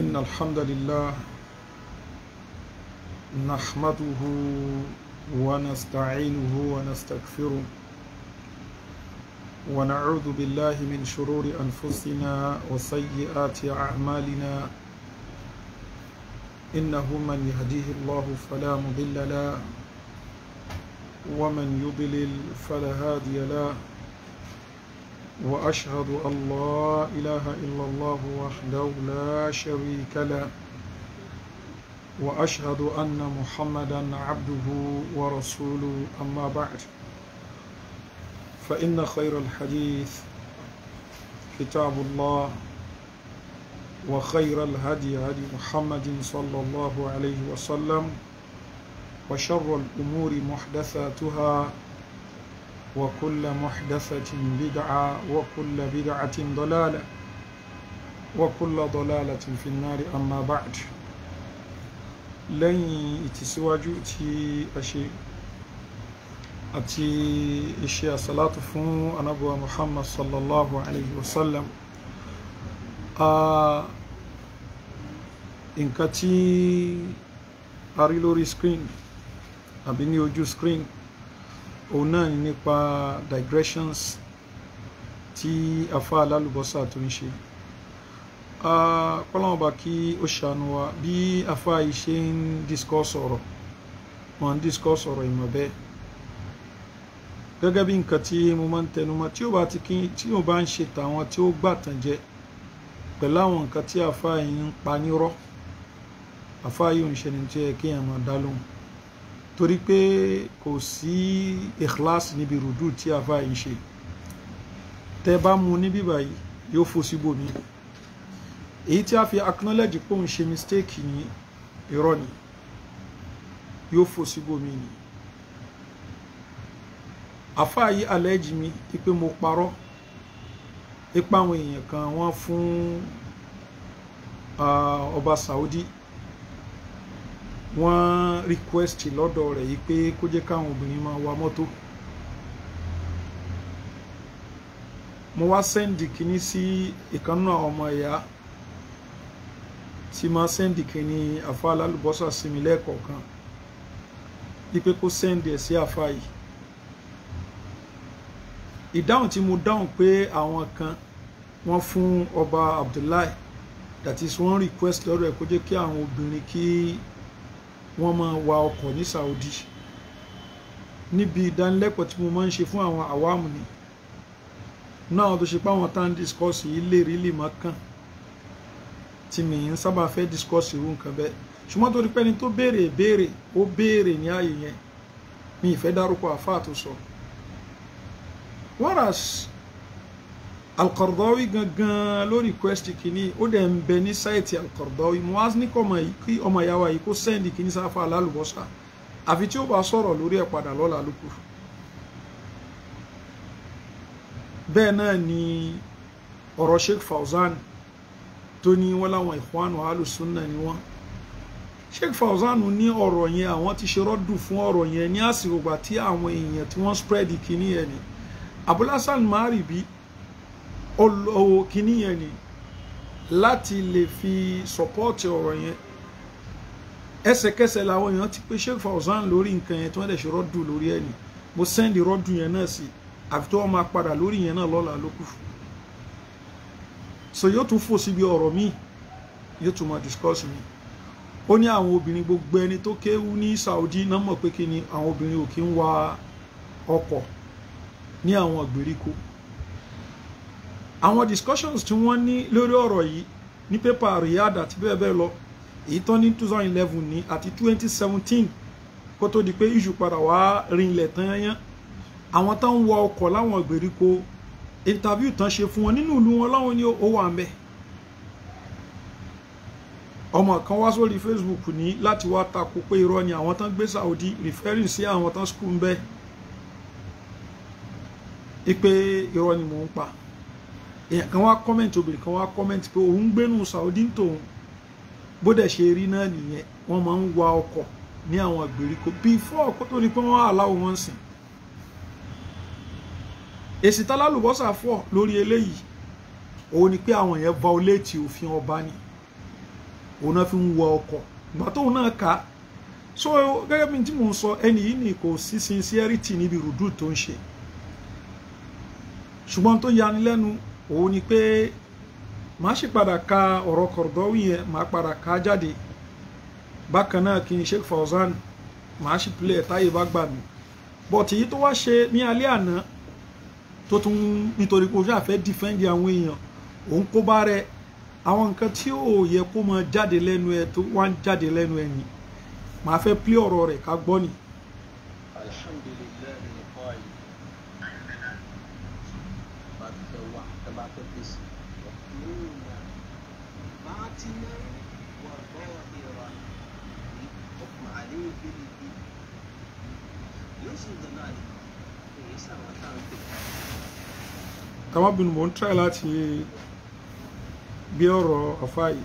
إن الحمد لله نحمده ونستعينه ونستغفره ونعوذ بالله من شرور أنفسنا وسيئات أعمالنا إنه من يهديه الله فلا مضل له ومن يضلل فلا هادي له وأشهد أن لا إله إلا الله وحده لا شريك له وأشهد أن محمدا عبده ورسوله أما بعد فإن خير الحديث كتاب الله وخير الهدي هدي محمد صلى الله عليه وسلم وشر الأمور محدثاتها وكل محدثة بدعة وكل بدعة ضلالة وكل ضلالة في النار أما بعد لن تسواجو تي أشي أتي إشياء صلاة فون أنبوى محمد صلى الله عليه وسلم آه إنكتي أريلوري سكرين أبيني وجو سكرين òun náà ni nípa digressions tí afa alálùbọ́sà tó ń ṣe kọ́lọ́mọba kí ó ṣàánú wa bí afa yìí ṣe ń discuss ọ̀rọ̀ wọ́n ń discuss ọ̀rọ̀ ìmọ̀ bẹ́ẹ̀ gẹ́gẹ́ bí nǹkan tí mo máa ń tẹnumọ́ tí ó bá ti kí tí mo bá ń ṣe tàwọn tí ó gbàtàn jẹ pẹ̀lú àwọn nǹkan tí àfáà yìí ń pa nírọ́ àfáà yìí ò ń ṣe ni tí ó kéèyàn máa dá lóhùn torí pé kò sí ìkíláàsì níbi rùdú tí a bá ń ṣe tẹ bá mu ní bíbà yìí yóò fò síbòmí èyí tí a fi acknowledge pé òun ṣe mistake ní irọ́ ni yóò fò síbòmí ni àfáà yìí allege mi pé mo parọ́ ipa àwọn èèyàn kan wọ́n fún ah, ọba Saudi wọ́n request lọ́dọ̀ rẹ̀ yìí pé kó jẹ́ káwọn obìnrin máa wa mọ́tò mo wá sẹ́ndì kínní sí ìkànnù àwọn ọmọ ẹ̀yà tí máa sẹ́ndì kínní àfa alálùbọ́sà sí mi lẹ́ẹ̀kọ̀ọ̀kan wípé kó sẹ́ndì ẹ̀ sí àfa yìí ìdáhùn tí mo dáhùn pé àwọn kan wọ́n fún ọba Abdullahi that is one request lọ́dọ̀ ẹ̀ kó jẹ́ kí àwọn obìnrin kí. Ki wọ́n máa wa ọkọ̀ ní Saudi níbi ìdánilẹ́kọ̀ọ́ tí mo máa ń ṣe fún àwọn àwámù ni náà tó ṣe pé àwọn tá à ń discourse yìí lè rí lè máa kàn tí mi ń sábà fẹ́ discourse irú nǹkan bẹ́ẹ̀ ṣùgbọ́n torí pẹ́ni tó béèrè béèrè ó béèrè ní ààyè yẹn mi ìfẹ́ dárúkọ àfáà tó sọ whereas alqardawi gangan ló request kìíní ó dẹ̀ ń bẹ ní sáìtì alqardawi muaz ní kọ́mọ yìí kí ọmọ ìyáwá yìí kó sẹ́ndì kìíní sáfà alálùbọ́sà àfi tí ó bá sọ̀rọ̀ lórí ẹ̀ padà lọ́la lóko bẹ́ẹ̀ náà ni ọ̀rọ̀ sheikh fauzan tó ní wọ́n láwọn ikhwanu alùsùnà ni wọ́n sheikh fauzan ní ọ̀rọ̀ yẹn àwọn ti ṣe rọ́dù fún ọ̀rọ̀ yẹn ní àsìkò gbà tí àwọn èèyàn tí wọ́n spread kìíní yẹn ni abúlásán máa ọlọ́wọ́ kìíní yẹn ni láti lè fi sọ́pọ́ọ̀tì ọ̀rọ̀ yẹn ẹsẹ̀kẹsẹ̀ làwọn èèyàn ti pé Sheikh Fawzan lórí nǹkan yẹn tí wọ́n dẹ̀ ṣe rọ́dù lórí ẹ̀ ni mo sẹ́ndì rọ́dù yẹn náà sí àfi tí wọ́n máa padà lórí yẹn náà lọ́la ló kù so yóò tún fò síbi ọ̀rọ̀ míì yóò tún máa discuss mi ó ní àwọn obìnrin gbogbo ẹni tó kéwú ní Saudi náà mọ̀ pé kí ni àwọn obìnrin ò kí ń wa ọkọ̀ ní àwọn ìgbèríko àwọn discussions tí wọ́n ní lórí ọ̀rọ̀ yìí ní pépà Riyadh àti bẹ́ẹ̀ bẹ́ẹ̀ lọ èyí tán ní 2011 ní àti 2017 kó tó di pé iṣu padà wá rinlẹ̀ tán yán àwọn tán ń wọ ọkọ̀ láwọn ìgbèríko interview tán ṣe fún wọn nínú ìlú wọn láwọn ní ó wà ọmọ kan wá sórí Facebook ní láti wá takò pé irọ́ ni àwọn tán gbé Saudi referring sí àwọn tán school ń bẹ́ẹ̀ ipe irọ́ ni mò ń pa èèyàn kan wá kọ́mẹ̀ntì obìnrin kan wá kọ́mẹ̀ntì pé òun gbénu Saudi tòun bó dẹ̀ ṣe rí náà nìyẹn wọ́n máa ń wa ọkọ̀ ní àwọn ìgbèríko before kó tó ní pé wọ́n aláwọ̀ wọn sìn èsì tálálùbọ́sà fọ̀ lórí eléyìí òun ni pé àwọn yẹn violate òfin ọba ni òun náà fi ń wa ọkọ̀ ìgbà tóun náà kà so gẹ́gẹ́ bí tí mò ń sọ ẹni yìí ni kò sí sincerity níbi rùdú tó ń ṣe ṣùgbọ́n tó yanilẹ́nu òun ni pé màá sì padà ka ọ̀rọ̀ Qaradawi yẹn màá padà ka jáde bákan náà kí n Sheikh Fawzan màá sì pilẹ̀ táyé bá gbà mí bọ̀tì yìí tó wá ṣe ní alẹ́ àná tó tún nítorí pé ojú àfẹ́ dìfẹ́ǹdì àwọn èèyàn òun kó bá rẹ àwọn nǹkan tí ò yẹ kó máa jáde lẹ́nu ẹ tó wá ń jáde lẹ́nu ẹ yìí màá fẹ́ pilẹ̀ ọ̀rọ̀ rẹ̀ ká gbọ́ ni. alhamdulillah القديس مؤمنا باطنا وظاهرا حكم عليه بالدين يوسف ذلك kama bin mo n try láti bí ọ̀rọ̀ afa yìí.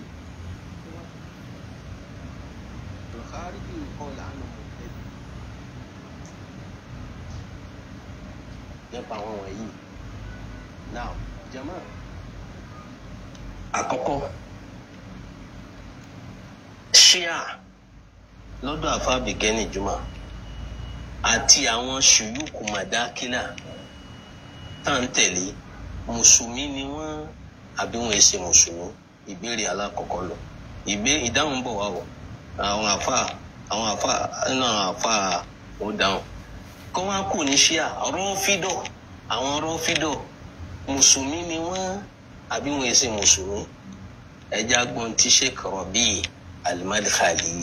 nípa àwọn wọ̀nyí now jama àkọ́kọ́ ṣíà lọ́dọ̀ àfàbìkẹ́ni juma àti àwọn ṣùyùkù màdákìlà tá à ń tẹ̀lé mùsùlùmí ni wọ́n àbí wọn ṣe mùsùlùmí ìbéèrè alákọ̀ọ́kọ́ lọ ìbé ìdáhùn bọ̀ wá wọ̀ àwọn àfa àwọn àfa nínú àwọn àfa ó dáhùn kọ́ wá kù ní ṣíà rọ́fídọ̀ àwọn rọ́fídọ̀ mùsùlùmí ni wọ́n àbí wọ́n ṣe mùsùlùmí ẹja gbọ́n tí sheik rabi al-madkhali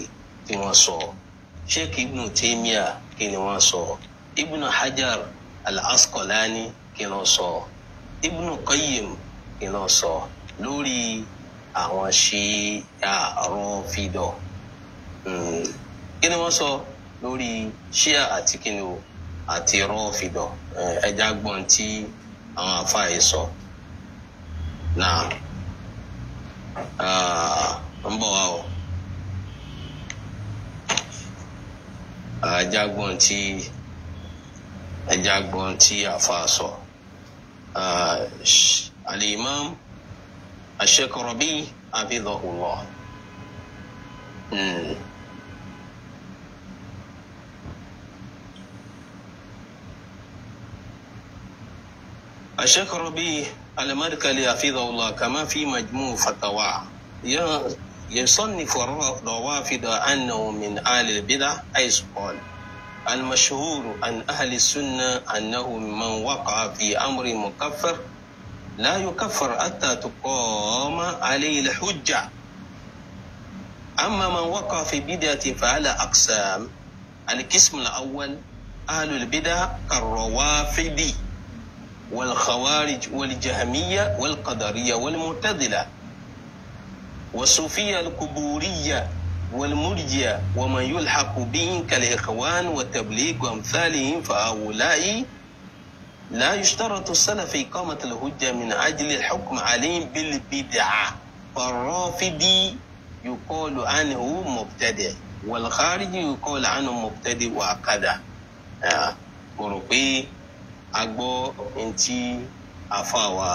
tí wọ́n sọ sheik ibn taymiya kí ni wọ́n sọ ibn hajar al-asqalani kí ni wọ́n sọ ibn qayyim hmm. kí ni wọ́n sọ lórí àwọn ṣe àrùn kí ni wọ́n sọ lórí ṣíà àti kí ni o àti rọ́ọ̀fìdọ̀ ẹja gbọ́n tí. àwọn àfáà yìí sọ náà ń bọ̀ wá o ajagbọn tí ajagbọn tí àfáà sọ alimam Sheikh Rabi به على ملك حفظه الله كما في مجموع فتاوى يصنف الروافد أنه من أهل البدع حيث قال المشهور عن أهل السنة أنه من وقع في أمر مكفر لا يكفر حتى تقام عليه الحجة أما من وقع في بدعة فعلى أقسام القسم الأول أهل البدع كالروافد والخوارج والجهمية والقدرية والمعتزلة والصوفية الكبورية والمرجية ومن يلحق بهم كالإخوان والتبليغ وأمثالهم فهؤلاء لا يشترط السلف إقامة الهجة من أجل الحكم عليهم بالبدعة فالرافضي يقال عنه مبتدع والخارجي يقال عنه مبتدع وأقدع آه. agbọ gbọ́ ntí àfàwà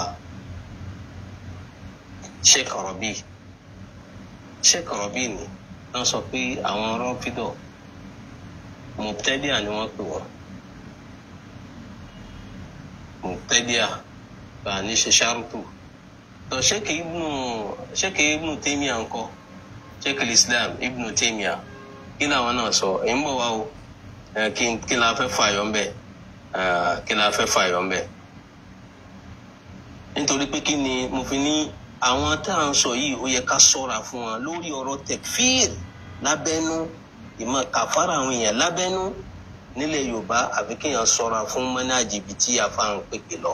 Sheikh Rabi ni wọ́n sọ pé àwọn rọ́fídọ̀ mọ̀tẹ́díà ni wọ́n pè wọ́n mọ̀tẹ́díà gbà ní ṣe tọ́ Ibn Sheikh Ibn Taymiya Islam Ibn Taymiya kí làwọn náà sọ o kí fẹ́ fààyàn kí la fẹ́ fàyọ̀ mbẹ̀ nítorí pé kí ni mo fi ní àwọn tá à ń sọ yìí ó yẹ ká ṣọ́ra fún wọn lórí ọ̀rọ̀ tẹ̀fíìr lábẹ́nú ìmọ̀ kàfàrà àwọn èèyàn lábẹ́nú nílẹ̀ Yorùbá àfi kéèyàn ṣọ́ra fún mọ́nájìbì tí afa ń pèpè lọ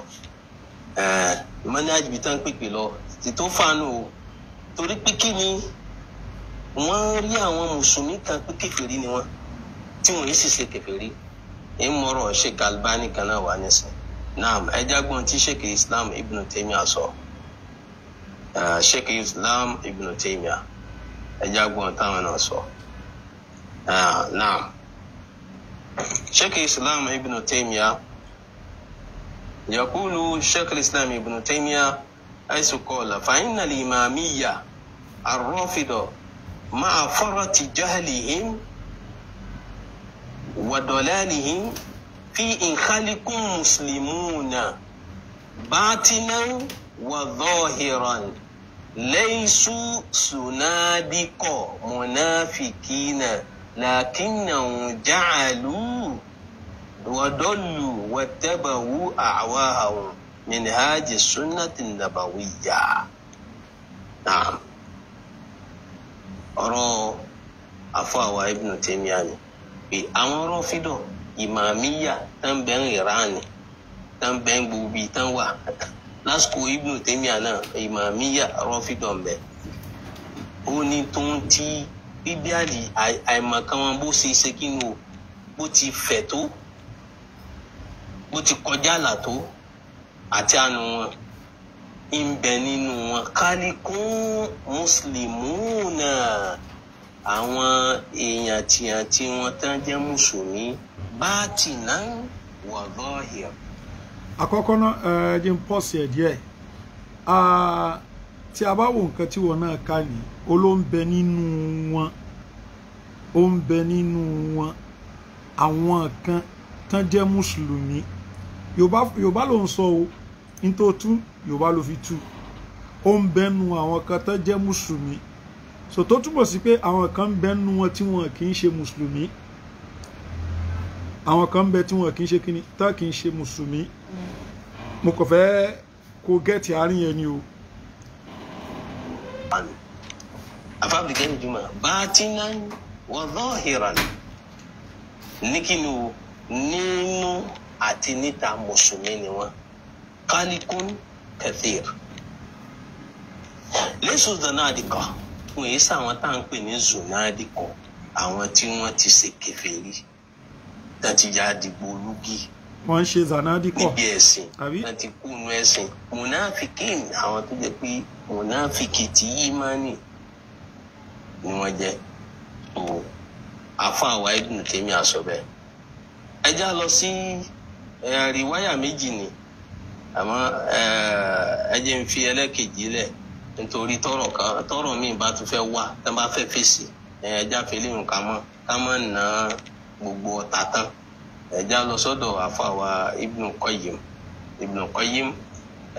mọ́nájìbì tá ń pèpè lọ ti tó fanu o torí pé kí ni wọ́n rí àwọn mùsùlùmí kan pé kèfèrí ni wọ́n tí wọ́n yìí sì ṣe kèfèrí ń mọ̀rọ̀ sheik albani kan náà wà nísìn naam ẹ jágbọ́n tí sheik islam ibn taymiya sọ sheik islam ibn taymiya ẹ jágbọ́n táwọn náà sọ naam sheik islam ibn taymiya yakulu sheik islam ibn taymiya aisu kola fa'inna limamiya arrofidọ ma'a farati jahlihim. وضلالهم في إنخالكم مسلمون باطنا وظاهرا ليسوا سنادق منافقين لكنهم جعلوا وضلوا واتبعوا أعواهم من هذه السنة النبوية نعم أرى أفاوى ابن تيمياني pé àwọn rọ́fídọ̀ ìmàmíyà tán bẹ́ ń Iran tán bẹ́ ń gbogbo tán wà lásìkò Ibnu Taymiyyah náà ìmàmíyà rọ́fídọ̀ ń bẹ. ó ní tó ń ti bíbélì àìmọ̀kan bó ṣe ṣe kí ni o bó ti fẹ̀ tó bó ti kọjá àlà tó àti àánú wọn ń bẹ nínú wọn kálíkún mùsùlùmí náà àwọn èèyàn tìyàn tí wọ́n tán jẹ́ mùsùlùmí bá tì náà wọ̀ lọ́ọ̀hìá. àkọ́kọ́ náà jẹ́ n pọ́ọ̀sì ẹ̀ díẹ̀ tí a bá wo nǹkan tí wọn náà kà ní olóńbẹ nínú wọn ó ń bẹ nínú wọn àwọn kan tán jẹ́ mùsùlùmí yorùbá ló ń sọ o nítòótú yorùbá ló fi tú ó ń bẹnu àwọn kan tán jẹ́ mùsùlùmí so tó túmọ̀ sí pé àwọn kan ń bẹ nínú wọn tí wọn kì í ṣe mùsùlùmí àwọn kan ń bẹ tí wọn kì í ṣe kíni tá kì í ṣe mùsùlùmí mo kàn fẹ́ kó gẹ́ẹ̀tì àárín yẹn ni o. nínú àti níta mùsùlùmí ni wọn kálíkún kathir lẹ́sùn zanadika wọn èyí sàwọn tá à ń pè ní zonadikọ àwọn tí wọ́n ti ṣe kèfèrí náà ti ya àdìgbò olúgi wọ́n ń ṣe zanadikọ níbi ẹ̀sìn náà ti kú inú ẹ̀sìn munafikin àwọn tó jẹ́ pé munafiki ti yí mánì ni wọ́n jẹ́ o àfọ àwa ibùn tèmi àsọ bẹ́ẹ̀ ẹ já lọ sí ẹ̀rí wáyà méjì ni àmọ́ ẹ ń fi ẹlẹ́kejì lẹ̀ nítorí tọrọ kan tọrọ míì bá tún fẹ́ wá tán bá fẹ́ fèsì ẹ̀ẹ́dá fèlè nǹkan mọ́ ká mọ̀ ná gbogbo ọ̀tá tán ẹ̀ẹ́dá lọ sọ́dọ̀ àfàwà Ibn Qayyim Ibn Qayyim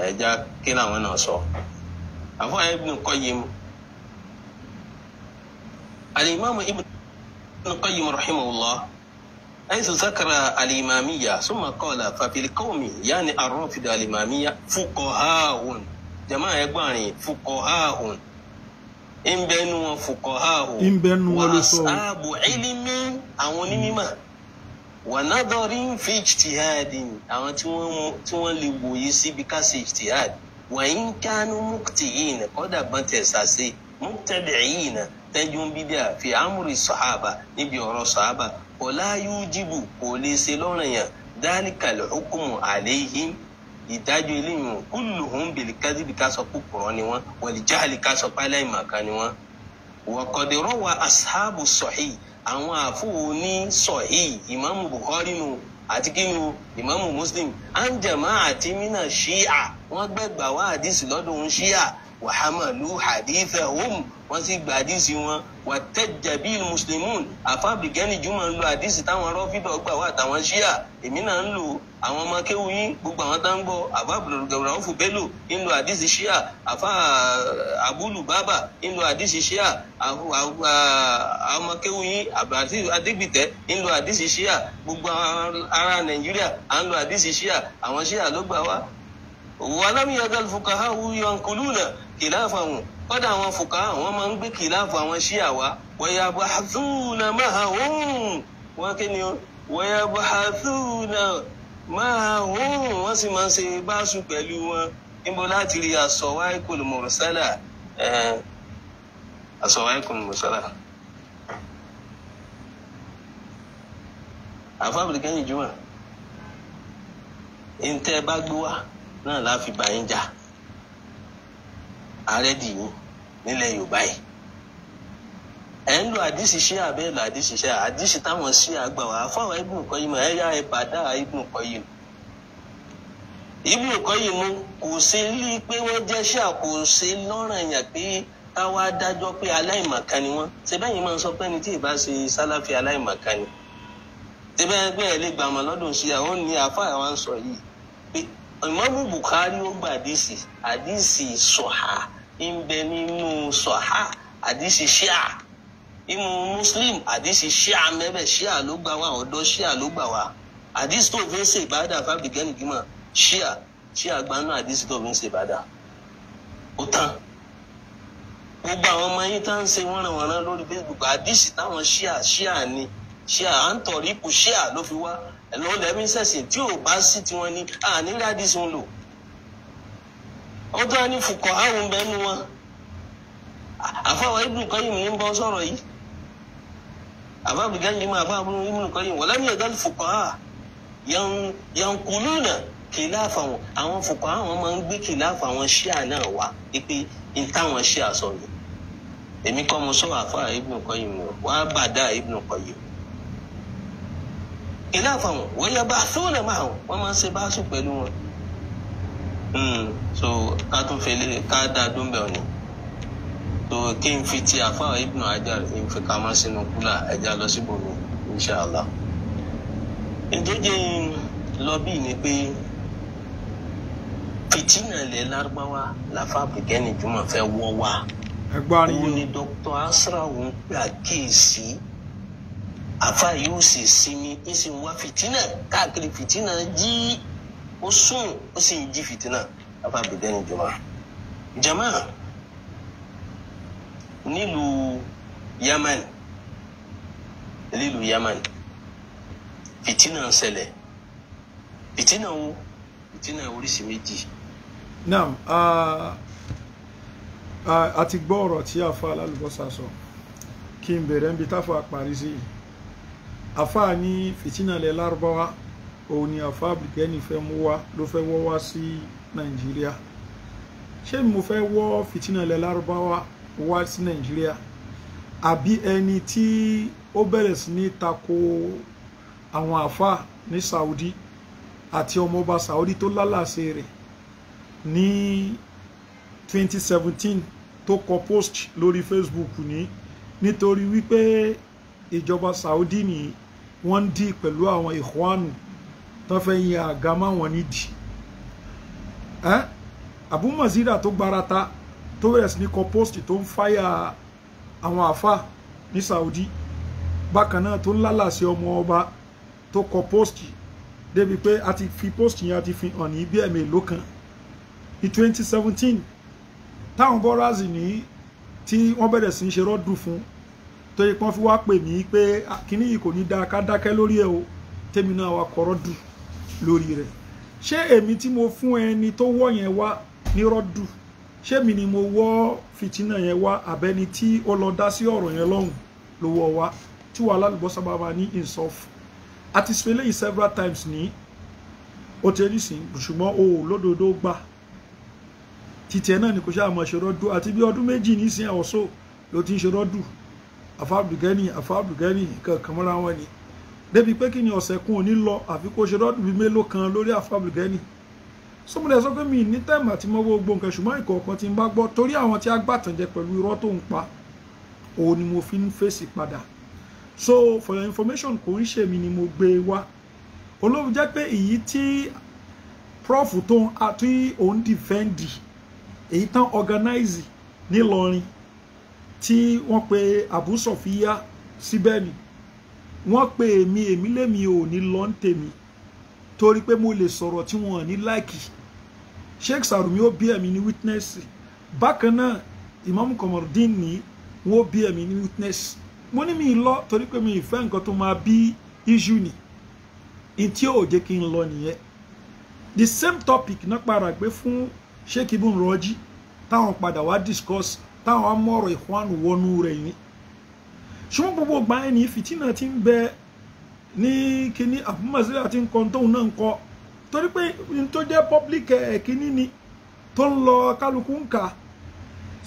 ẹ̀ẹ́dá kí làwọn náà sọ àfàwà Ibn Qayyim al-Imam Ibn Qayyim rahimahullah حيث ذكر الإمامية ثم قال ففي القوم يعني الرافضة الإمامية فقهاء jama ẹgbọn rìn fukọ ahùn ìbẹnu wọn fukọ ahùn ìbẹnu wọn ló sọ wàsáàbù ẹlẹmí àwọn onímọ̀ wànádọrí ń fi ijtihadi àwọn tí wọ́n lè wòye síbi ká ṣe ijtihadi wàyí ń kánú mukti yìí nà kọ́dà bọ́n tẹ̀ sàṣe yìí nà tẹ́jú ń fi amúri sọ̀hábà níbi ọ̀rọ̀ sọ̀hábà ọ̀la yóò jìbù kò lè ṣe lọ́rùn yẹn dáníkàlì hukumu àléhìn ìdájọ́ eléyìí wọn kulluhum bil kadhibi ká sọ pé kùrọ̀ ni wọn wal jahli ká sọ pé aláìmọ̀kan ni wọn. wa qad rawa ashabu sahih àwọn àfọwò ní sahih ìmáàmù Bukhari nù àti kíni o Muslim anjama àti mina shia wọn gbẹgbà wá hadisi lọ́dọ̀ wọn shia wa hamalu hadithahum wọn sì gba hadisi wọn wàtẹ́jà bíi mùsùlùmún àfa abdulgani juma ń lo àdìsí táwọn rọ́fídọ̀ gbà wá àtàwọn ṣíà èmi náà ń lò àwọn ọmọ kéwu yín gbogbo àwọn tá ń gbọ́ àfa abdulgawurafu bello ń lo àdìsí ṣíà àfa abulu baba ń lo àdìsí ṣíà ọmọ kéwu yín adigbitẹ ń lo àdìsí ṣíà gbogbo ara nàìjíríà à ń lo àdìsí ṣíà àwọn ṣíà ló gbà wá. wàlámìyàgàlfukahà wúyọ̀ nkulúnà kìláfà wọn kọ́dà àwọn fòkà àwọn máa ń gbé kìláàfù àwọn ṣíà wá wọ́yà bá zúùnà máa hóun wọ́n kí ni wọ́yà bá zúùnà máa hóun wọ́n sì máa ń ṣe báṣu pẹ̀lú wọn níbo láti rí àsọ̀wá ìkòlù àsọ̀wá ìkòlù mọ̀rọ̀sálà. kẹ́yìn jùmọ̀ ní tẹ́ ẹ bá gbé wá náà láfi bá jà àrẹ́dì yìí nílẹ̀ yorùbá yìí ẹ̀ ń lo àdìsí ṣé àbẹ́ lo àdìsí ṣé àdìsí táwọn ṣé àgbà wá fáwọn ibùn kọ́ yìí mọ̀ ẹ̀ yá ẹ̀ bàdá ibùn kọ́ yìí ibùn kọ́ yìí mú kò ṣe rí i pé wọ́n jẹ́ ṣé àkóṣe lọ́rọ̀ yàn pé káwá dájọ́ pé aláìmọ̀kan ni wọ́n ṣe bẹ́ẹ̀ yìí máa ń sọ pé ẹni tí ì bá ṣe sálàfí aláìmọ̀kan ni ṣe bẹ́ẹ̀ gbé lè gbàmọ̀ lọ́dún sí àwọn ní àáfàá wa sọ yìí pé Imamu Bukhari ó gba àdìsí àdìsí sọ̀hà ń bẹ nínú sọ̀hà àdìsí ṣíà Muslim adisi Shia, mẹ́bẹ̀ Shia ló gbà wá ọ̀dọ́ ṣíà ló gbà wá àdìsí tó fi ń ṣe ìbádà fábíkẹ́ nìgbìmọ̀ ṣíà ṣíà gbanú àdìsí tó fi ń ṣe ìbádà ó tán gbogbo àwọn ọmọ yín tá ń ṣe wọ́nranwọ̀nran lórí Facebook adisi táwọn Shia, Shia ni Shia à ń tọ̀rí ipò ṣíà ló fi wá ẹ̀lọ́ lẹ́mí sẹ̀sìn tí ò bá sí tiwọn ni à nílẹ̀ àdìsí ń lò ọdún àní fukọ àrùn bẹnu wọn àfàwọn Ibn Qayyim ní bọ́ sọ̀rọ̀ yìí àbábí gánjẹ máa bá abúlé Ibn Qayyim wọ́n lẹ́mí ẹ̀dá fukọ à yankuluna kìláàfà wọn àwọn fukọ àwọn máa ń gbé kìláàfà wọn ṣíà náà wá pé n táwọn ṣíà sọ ni èmi kọ́ mo sọ àfà Ibn Qayyim wọ́n á bàdá Ibn Qayyim ilé àfọ̀hún wọ́n yẹ bá sóòlẹ̀ máa hàn wọ́n máa ń ṣe báṣù pẹ̀lú wọn. Hmm, so ká tún fi lè ká dáa dúnbẹ̀ ọ̀nì so kí n fi ti àfáà Ibn Hajar kí n fi ká máa sínú kúlà ẹja lọ síbòmí inṣàlá. ìdíje lọ bíi ni pé fìtínà ilẹ̀ lárúbáwá làfà Abdulgani Juma fẹ́ wọ́ wa. ẹgbẹ́ àríyàn òun ni dr asra òun gbà kíyèsí. Si Afa yóò sì sinmi ń sì wá fìtínà káàkiri fìtínà jí ó sùn ó sì jí fìtínà àfa bìdẹ́ni jọba jama nílùú Yaman nílùú Yaman fìtínà ń ṣẹlẹ̀ fìtínà wo fìtínà oríṣi méjì. naam a ti gbọ́ ọ̀rọ̀ tí àfa alálùbọ́sà sọ kí n bẹ̀rẹ̀ níbi táfà parí sí yìí àfáà ní fìtínàlẹ̀ lárúbáwá òun ni àfáà Abdulgani fẹ́ mú wá ló fẹ́ wọ́ wá sí nàìjíríà ṣé mo fẹ́ wọ́ fìtínàlẹ̀ lárúbáwá wá sí nàìjíríà àbí ẹni tí ó bẹ̀rẹ̀ sí ní tako àwọn àfáà ní Saudi àti ọmọọba Saudi tó lálàsẹ rẹ̀ ni 2017 tó kọ post lórí Facebook ní nitori wipe ìjọba Saudi nìyí wọ́n ń dí pẹ̀lú àwọn ìhuanu tó fẹ́ yin àga máwọn nídìí ẹ́ Abu Mazira tó gbarata tó bẹ̀rẹ̀ sí ní compost tó ń fáyà àwọn àfa ní Saudi bákan náà tó ń lálàsẹ ọmọ ọba tó compost débi pé a ti fi post yẹn a ti fi hàn ní bí ẹ̀mí èlò kan ní 2017 táwọn bọ́ráàzì ní tí wọ́n bẹ̀rẹ̀ sí ń ṣe rọ́dù fún tó yẹ kí wọ́n fi wá pè mí pé ah, kíní yìí kò ní dáa ká dákẹ́ lórí ẹ̀ o tèmi náà wá kọ́rọ́ dù lórí rẹ̀ ṣé èmi tí mo fún ẹni tó wọ́ yẹn wá nírọ́ dù ṣé mi ni mo wọ́ fìtínà yẹn wá àbẹ́ni tí ó lọ dá sí ọ̀rọ̀ yẹn lọ́hùn ló wọ́ wá tí wàhálà lùbọ́sà bàbá ní insof àti sọ eléyìí several times ní ó ti rí sí ṣùgbọ́n o ò lódodo gbà títẹ̀ náà ni kò ṣáà mọ̀ ṣe rọ́dù àti bí ọdún méjì nísìnyí àwọ̀só ló ti ń ṣe rọ́dù afa abdulgani afa abdulgani kankan mọ́ra wọn ni débi pé kí ni ọ̀sẹ̀ kún òní lọ àfi kó ṣe rọ́ọ̀dù bíi mélòó kan lórí afa abdulgani sọmọdé sọ pé mi ní tẹ́ẹ̀mù àti mọ́ gbogbo nǹkan ṣùgbọ́n ìkọ̀ọ̀kan ti ń bá gbọ́ torí àwọn tí a gbàtànjẹ pẹ̀lú irọ́ tó ń pa òun ni mo fi ń fèsì padà so for your information kò ń ṣe mi ni mo gbé e wá olóòfù jẹ́ pé èyí tí prof tó ń àti òun dìfẹ́ǹdì èyí tán organize nílọrin tí wọ́n pe Abu Sofiya síbẹ̀ ni wọ́n pe èmi èmi lèmi ò ní lọ ń tèmi torí pé mo lè sọ̀rọ̀ tí wọ́n ní láìkì Sheikh Sarumi ó bí ẹ̀mí ní witness bákan náà Imam Komordin ní wọ́n bí ẹ̀mí ní witness mo ní mi lọ torí pé mi ìfẹ́ nǹkan tó máa bí iṣu ni n tí ò jẹ́ kí n lọ nìyẹn the same topic náà padà gbé fún Sheikh Ibn Rọ́jí táwọn padà wá discuss táwọn amọ̀rọ̀ ìhuanu wọnú rẹ̀ ni ṣùgbọ́n gbogbo gbà ẹni fìtínà ti ń bẹ ní kíní àbúmọ̀sílẹ̀ àti nǹkan tóun náà ń kọ torí pé n tó jẹ́ public eh, kíní ni tó ń lọ kálukú ń kà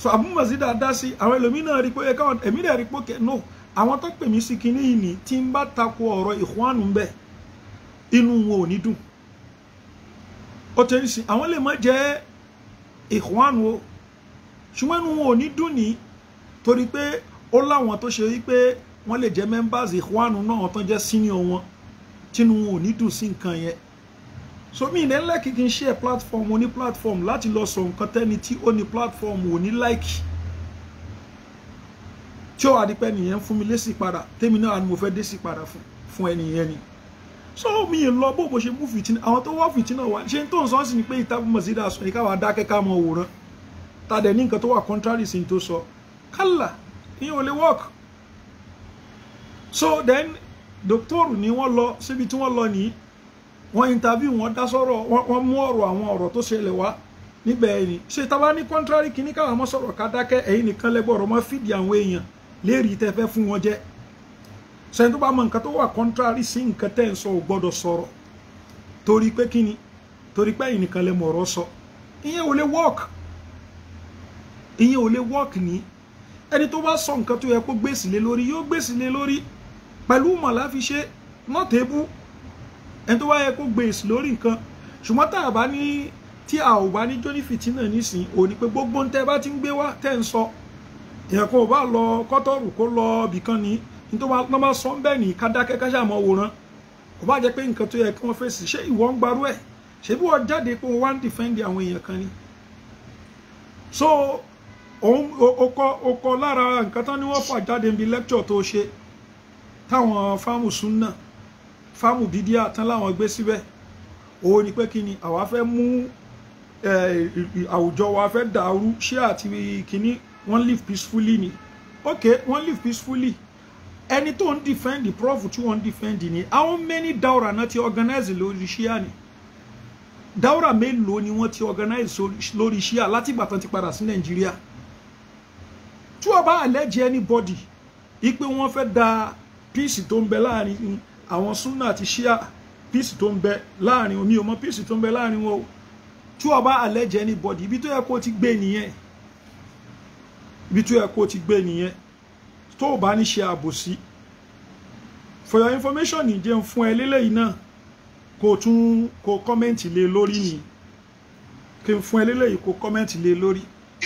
so àbúmọ̀sílẹ̀ dá sí àwọn ẹlòmíín náà rí pé ẹ̀ka ẹ̀mí rẹ̀ rí pé kẹ́ no àwọn tó pè mí sí kíní yìí ni tí ń bá tako ọ̀rọ̀ ìhuanu ń bẹ inú wọn ò ní dùn ó ti ń sìn àwọn lè má jẹ́ ìhuanu o ṣùgbọ́n inú wọn ò ní dùn ní torí pé ó láwọn tó ṣe wípé wọ́n lè jẹ́ members ìhuanu náà tán jẹ́ senior wọn tínú wọn ò ní dùn sí nǹkan yẹn so mi ìlẹ́ lẹ́kì kí n ṣe platform oní platform láti lọ sọ nǹkan tẹ́ni tí ó ní platform ò ní like tí ó wà dípẹ́ nìyẹn fún mi lésì padà tèmi náà ni mo fẹ́ désì padà fún ẹnìyẹn ni so mi ì lọ bó bó ṣe mú fìtínà àwọn tó wá fìtínà wá ṣe tó ń sọ sí ni pé ìtàkùn mọ̀ sí ìdásùn ìkáwá dákẹ́ ká mọ̀ wòran tàdẹ̀ ní nǹkan tó wà contrary sí tó sọ kálà ìyẹn ò work so then doctor ni wọ́n lọ síbi tí wọ́n lọ nìyí wọ́n interview wọ́n dá sọ̀rọ̀ wọ́n mú ọ̀rọ̀ àwọn ọ̀rọ̀ tó ṣẹlẹ̀ wá níbẹ̀ ẹni ṣe tábà ní contrary kìíní káwọn ọmọ sọ̀rọ̀ ká dákẹ́ ẹ̀yin nìkan lẹ́gbọ́ ọ̀rọ̀ mọ́ fìdí àwọn èèyàn léèrè tẹ́ fẹ́ fún wọn jẹ́ sẹ́ni tó bá mọ nǹkan tó wà contrary sí nǹkan tẹ́ ń sọ ò tori sọ̀rọ̀ torí pé kíni torí pé ẹ̀yin nìkan lẹ́mọ̀ ọ̀rọ̀ sọ ìyẹn ò work ìyẹn ò lè work ní ẹni tó bá sọ nǹkan tó yẹ kó gbèsè lé lórí yóò gbèsè lé lórí pẹ̀lú mọ̀ la fi ṣe not able ẹni tó bá yẹ kó gbèsè lórí nǹkan ṣùgbọ́n tá a bá ní tí a ò bá ní jóní fìtínà nísìn ò ní pé gbogbo ń tẹ́ bá ti ń gbé wá tẹ́ ń sọ èèyàn kan ò bá lọ kọ́tọ́rù kó lọ bìkan ní nítorí wọn bá sọ ń bẹ́ẹ̀ ní kádákẹ́ káṣàmọ́ wòran kò bá jẹ́ pé nǹkan tó yẹ kí wọ́n fèsì ṣé ìwọ ń gbarú ẹ̀ ṣé bí wọ́n jáde pé wọ́n wá ń dìfẹ́ǹdì àwọn èèyàn kan ni. so òun okọ okọ lára nǹkan tán ni wọ́n fà jáde níbi lecture tó ṣe táwọn fáàmù súnà fáàmù bídíà tán láwọn gbé síbẹ̀ òun ni pé kí ni àwa fẹ́ mú àwùjọ wa fẹ́ dàrú ṣé àti kínní wọ́n live peacefully ni ok wọ́n live peacefully ẹni tó ń defend the prof tí wọ́n ń defend ni how many daura náà ti organize lórí ṣíà ni daura mélòó ni wọ́n ti organize lórí ṣíà látìgbà tán ti padà sí nàìjíríà tí o bá allege anybody ipe wọ́n fẹ́ da peace tó ń bẹ láàrin àwọn sunna àti shia peace tó ń bẹ láàrin omi ọmọ peace tó ń bẹ láàrin wọn o tí o bá anybody ibi tó yẹ kó ti gbé nìyẹn ibi tó yẹ kó ti gbé nìyẹn tó bá ní ṣe àbòsí for your information nìjẹun fún ẹ lélẹ́yìí náà kò tún kò kọ́mẹ́ǹtì lé lórí ni kí n fún ẹ lélẹ́yìí kò kọ́mẹ́ǹtì lé lórí.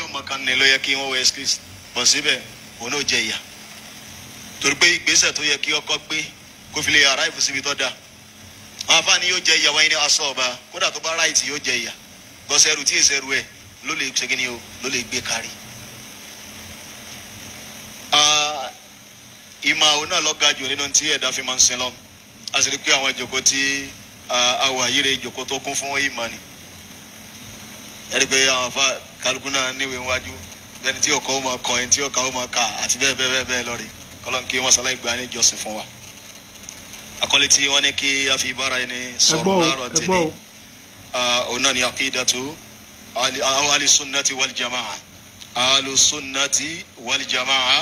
ọmọ kan ní ló yẹ kí wọ́n wọ ẹ́ kan síbẹ̀ òun náà jẹ ìyà torí pé ìgbésẹ̀ tó yẹ kí ọkọ gbé kó fi lè arrive síbi tó dáa àwọn afáàní yóò jẹ ìyà wáyé ní aṣọ ọba kódà tó bá ráìtì yóò jẹ ìyà gọ́sẹ̀rù tí èsẹ̀rù ẹ̀ ló lè ṣe kíni o ló lè gbé kárí. ìmọ̀ àwọn náà lọ́ga jù nínú tí ẹ̀dá fi máa ń sin lọ a sì rí pé àwọn ìjòkó tí àwọn àyèrè ìjòkó tó kún fún ìmọ̀ ni ẹ̀rí pé àwọn afá kálukú náà níwèé wájú bẹ́ẹ̀ni tí ọkọ̀ ó máa kọ ẹni tí ọkọ̀ ó máa kà àti bẹ́ẹ̀ bẹ́ẹ̀ bẹ́ẹ̀ bẹ́ẹ̀ lọ́rẹ̀ kọ́lọ́n kí wọ́n sáláì gbà ní ìjọsìn fún wa. àkọlé tí wọ́n ní kí a fi bára ẹni sọ̀rọ̀ láàárọ̀ tẹ̀lé ọ̀nà ni àkídàtú alùsùnàtì wàlìjàmáà alùsùnàtì wàlìjàmáà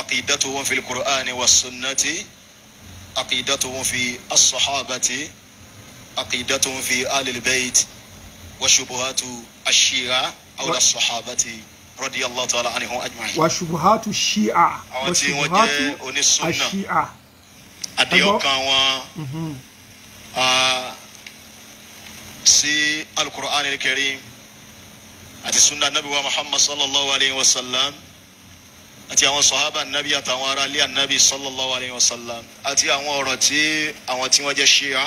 àkídàtú wọn fi kùrọ̀ánì wàsùnàtì àkídàtú wọn fi asọ̀hábàtì àkídàtú wọn fi alìlbẹ́ẹ̀tì wàṣubuhàtù àṣírà àwọn asọ̀hábàtì radiyallahu ta'ala anhu ajma'in. wa shubuhatu shia wa shubuhatu ashia. àdéhùkan wọn mhm. sí alukur'an al-karim àti sunna nabi wa muhammad sallallahu alayhi wa sallam àti àwọn sọ̀hábà nàbí àtàwọn ará ilé ànábì sallallahu alayhi wa sallam àti àwọn ọ̀rọ̀ tí àwọn tí wọ́n jẹ́ ṣíà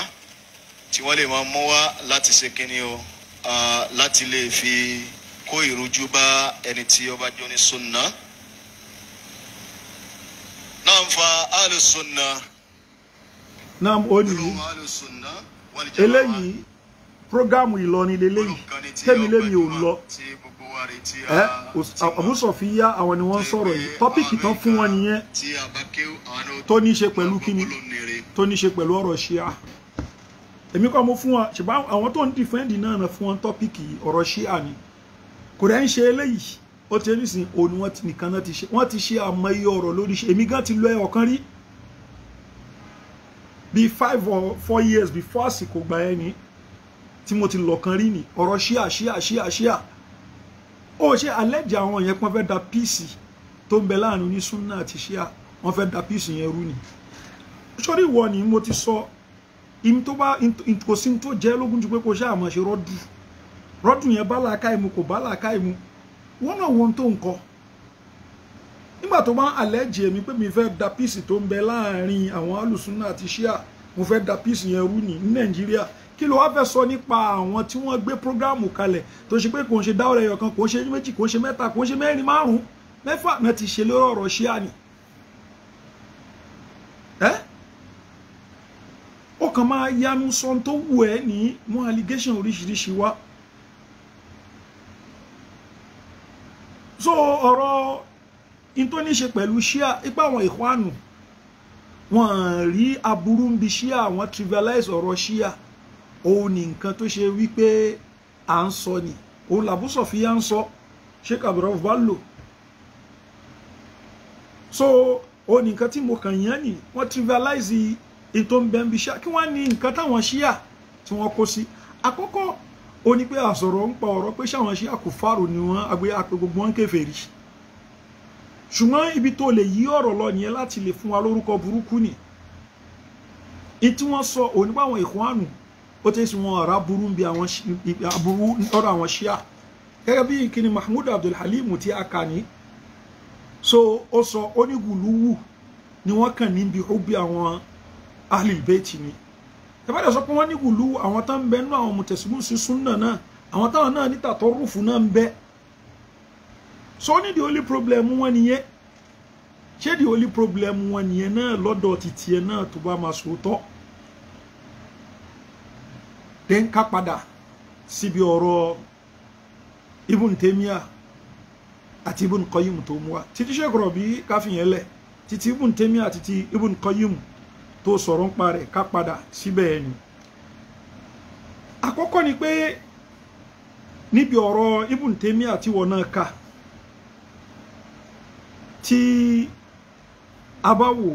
tí wọ́n lè máa mú wá láti ṣe o láti lè fi kó ìrújú bá ẹni tí ó bá jọ ní sunna náà ń fa alùsùnà. náà ó ní eléyìí programu Ìlọrin leléyìí tẹ́mi lémi ò lọ ẹ àbúsọ̀fíyá àwọn ni wọ́n ń sọ̀rọ̀ yìí tọ́pìkì tán fún wọn nìyẹn tó ní í ṣe pẹ̀lú kíni tó ní í ṣe pẹ̀lú ọ̀rọ̀ ṣíà èmi kọ́ mo fún wa ṣùgbọ́n àwọn tó ń dìfẹ́ǹdì náà fún wọn tọ́pìkì ọ̀rọ̀ ṣíà ni kò rẹ̀ ń ṣe eléyìí ó ti rí sìn òun ni wọ́n ti nìkan náà ti ṣe wọ́n ti ṣe àmọye ọ̀rọ̀ lórí ṣe èmi gan ti lọ ọ̀kan rí bíi five or four years before àsìkò gba ẹni tí mo ti lọ kan rí ni ọ̀rọ̀ ṣíà ṣíà ṣíà ṣíà ó ṣe àlẹ́jì àwọn yẹn pọ́n fẹ́ da píìsì tó ń bẹ láàrin onísúnná àti ṣíà wọ́n fẹ́ da píìsì yẹn rú ni sórí ìwọ ni mo ti sọ kò sí ní tó jẹ́ lógún ju pé kò ṣe àmọ̀ṣe rọ́dù rọ́dùn yẹn bá làákàyè mu kò bá làákàyè mu wọ́n náà wọ́n tó nǹkan nígbà tó bá ń àlẹ́jì èmi pé mi fẹ́ da píìsì tó ń bẹ láàrin àwọn alùsùnà àti ṣíà mo fẹ́ da píìsì yẹn rú ní nàìjíríà kí ló wá fẹ́ sọ nípa àwọn tí wọ́n gbé prógráàmù kalẹ̀ tó ṣe pé kò ń ṣe dáwọ́lẹ̀ yọ̀kan kò ń ṣe méjì kò ń ṣe mẹ́ta kò ń ṣe mẹ́rin márùn-ún náà ti ṣe lórí ọ̀rọ̀ ṣíà ni ẹ́ ó máa yanu sọ́n tó wù ẹ́ ní mú allegation oríṣiríṣi wá so ọ̀rọ̀ in tó ní ṣe pẹ̀lú ṣíà ipá àwọn ìkwánù wọn rí aburú ń bi ṣíà wọn trivialize ọ̀rọ̀ ṣíà òun ní nǹkan tó ṣe wípé à ń sọ ni òun làbúsọ̀ fi yá ń sọ Sheikh Abdurrauf Bello so òun ní nǹkan tí mo kàn yán ni wọ́n trivialize in tó ń bẹ́ ń bi ṣíà kí wọ́n ní nǹkan táwọn ṣíà tí wọ́n kó sí àkọ́kọ́ ó ní pé àsọ̀rọ̀ ń pa ọ̀rọ̀ pé ṣáwọn ṣe àkùfàrò ni wọ́n agbé apẹ gbogbo wọn kèfèrí ṣùgbọ́n ibi tó lè yí ọ̀rọ̀ lọ nìyẹn láti lè fún wa lórúkọ burúkú ni ìtí wọ́n sọ onígbàwọn ìkùnánù ó tẹ́sí wọn ọ̀rá burú bí aburú ọ̀rọ̀ àwọn ṣíà gẹ́gẹ́ bí ìkíni Mahmoud Abdul Halim a akani. ní so ó sọ onígùlúwù ni wọ́n kàn níbi ó bí àwọn ahlilbẹ́ẹ̀tì ni. So, tẹ́bá dẹ̀ sọ pé wọ́n ní wùlú àwọn tá ń bẹ nínú àwọn mùtẹ̀símù sí súnà náà àwọn táwọn náà níta tó rúfù náà ń bẹ so ní the only problem wọn nìyẹn ṣé the only problem wọn nìyẹn náà lọ́dọ̀ títí ẹ náà tó bá máa sòótọ́ dẹ́n ká padà síbi ọ̀rọ̀ Ibn Taymiyyah àti Ibn Qayyim tó mú wa títí ṣèkọ̀rọ̀ bí káfíyẹn lẹ̀ títí Ibn Taymiyyah àti Ibn Qayyim tó sọ̀rọ̀ ń pa rẹ̀ ká padà síbẹ̀ ẹni àkọ́kọ́ ni pé níbi ọ̀rọ̀ Ibn Taymiyyah àti wọn náà kà tí a bá wò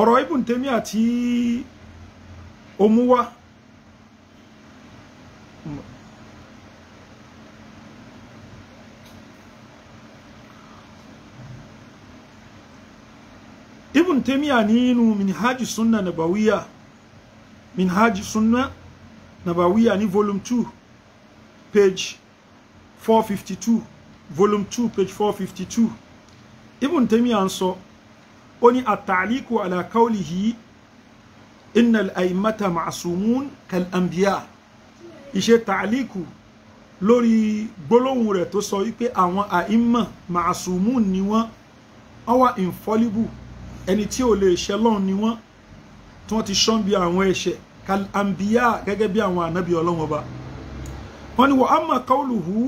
ọ̀rọ̀ àti omuwa Taymiyyah nínú minhaj sunna nabawiya minhaj sunna nabawiya ní volume two page 452 fifty two volume two page four fifty two Ibn Taymiyyah ń sọ ó ní at-ta'liqu ala qawlihi inna al-a'immata ma'sumun kal-anbiya ìṣe tàlíkù lórí gbólóhùn rẹ̀ tó sọ wípé àwọn àìmọ̀ màásùmù ni wọ́n wà infallible ẹni tí ò lè ṣẹ lọ́hùn ni wọ́n tí wọ́n ti ṣán bí àwọn ẹ̀ṣẹ̀ kàlàmbíyà gẹ́gẹ́ bí àwọn ànábì ọlọ́run ọba wọ́n ní wọ́n á máa qawluhu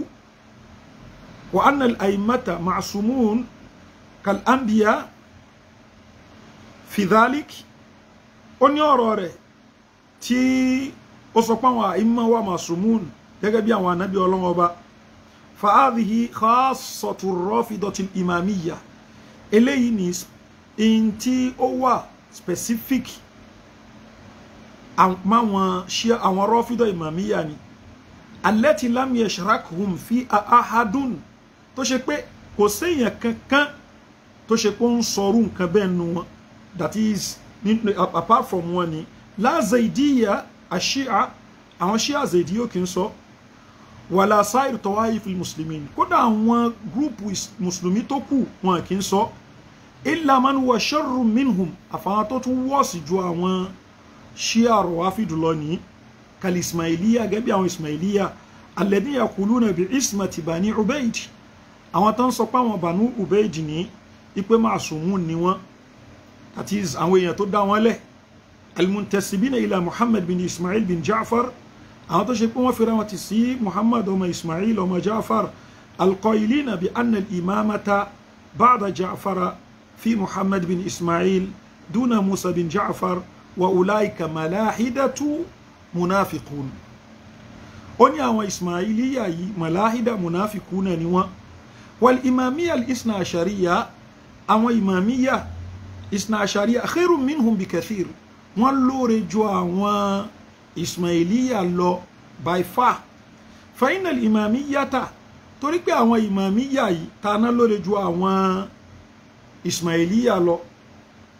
wa anna al-a'immata ma'sumun kàlàmbíyà fi ó ní ọ̀rọ̀ rẹ̀ tí ó sọ pé àwọn àìmọ́ wà ma'sumun gẹ́gẹ́ bí àwọn ànábì ọlọ́run ọba fa'adhihi khassatu rafidati al-imamiyya eléyìí ní in Ti ó wà specific máwọn ṣe àwọn rọ́fídọ̀ ìmàmíyà ni alẹ́tí lámì ẹ̀ṣẹ̀rákùn fi ahadun tó ṣe pé kò séèyàn kankan tó ṣe pé ó ń sọrú nǹkan that is apart from one. ni láàzẹ̀díyà àṣíà àwọn ṣíà zẹ̀díyà kì í sọ wàlá sáìrì tọ́wáyé fi mùsùlùmí kódà àwọn gúrùpù mùsùlùmí tó kù wọn kì í So illa man huwa sharrun minhum àfàwọn tó tún wọ́ọ̀sì ju àwọn ṣíà rọ̀wáfídù lọ ní kàlí ismailiya gẹ́bí àwọn ismailiya alladhi yaquluna bi ismati bani ubaid àwọn tó ń sọ pé àwọn banu ubaid ní ipe ma'sumun ni wọ́n àti àwọn èèyàn tó dá wọn lẹ̀ almuntasibina ila muhammad bin ismail bin ja'far àwọn tó ṣe pé wọ́n fira wọn ti sí muhammad ọmọ ismail ọmọ ja'far alqailina bi anna al-imamata في محمد بن إسماعيل دون موسى بن جعفر وأولئك ملاحدة منافقون ó ní àwọn ismailiya yìí malahida munafikuna ni wọn wal imamiya isna ashariya àwọn imamiya isna ashariya khairun minhum bi kathir wọn lóore ju àwọn ismailiya lọ by far fainal imamiyata torí pé àwọn imamiya yìí tana lóore ju àwọn ismailiya lọ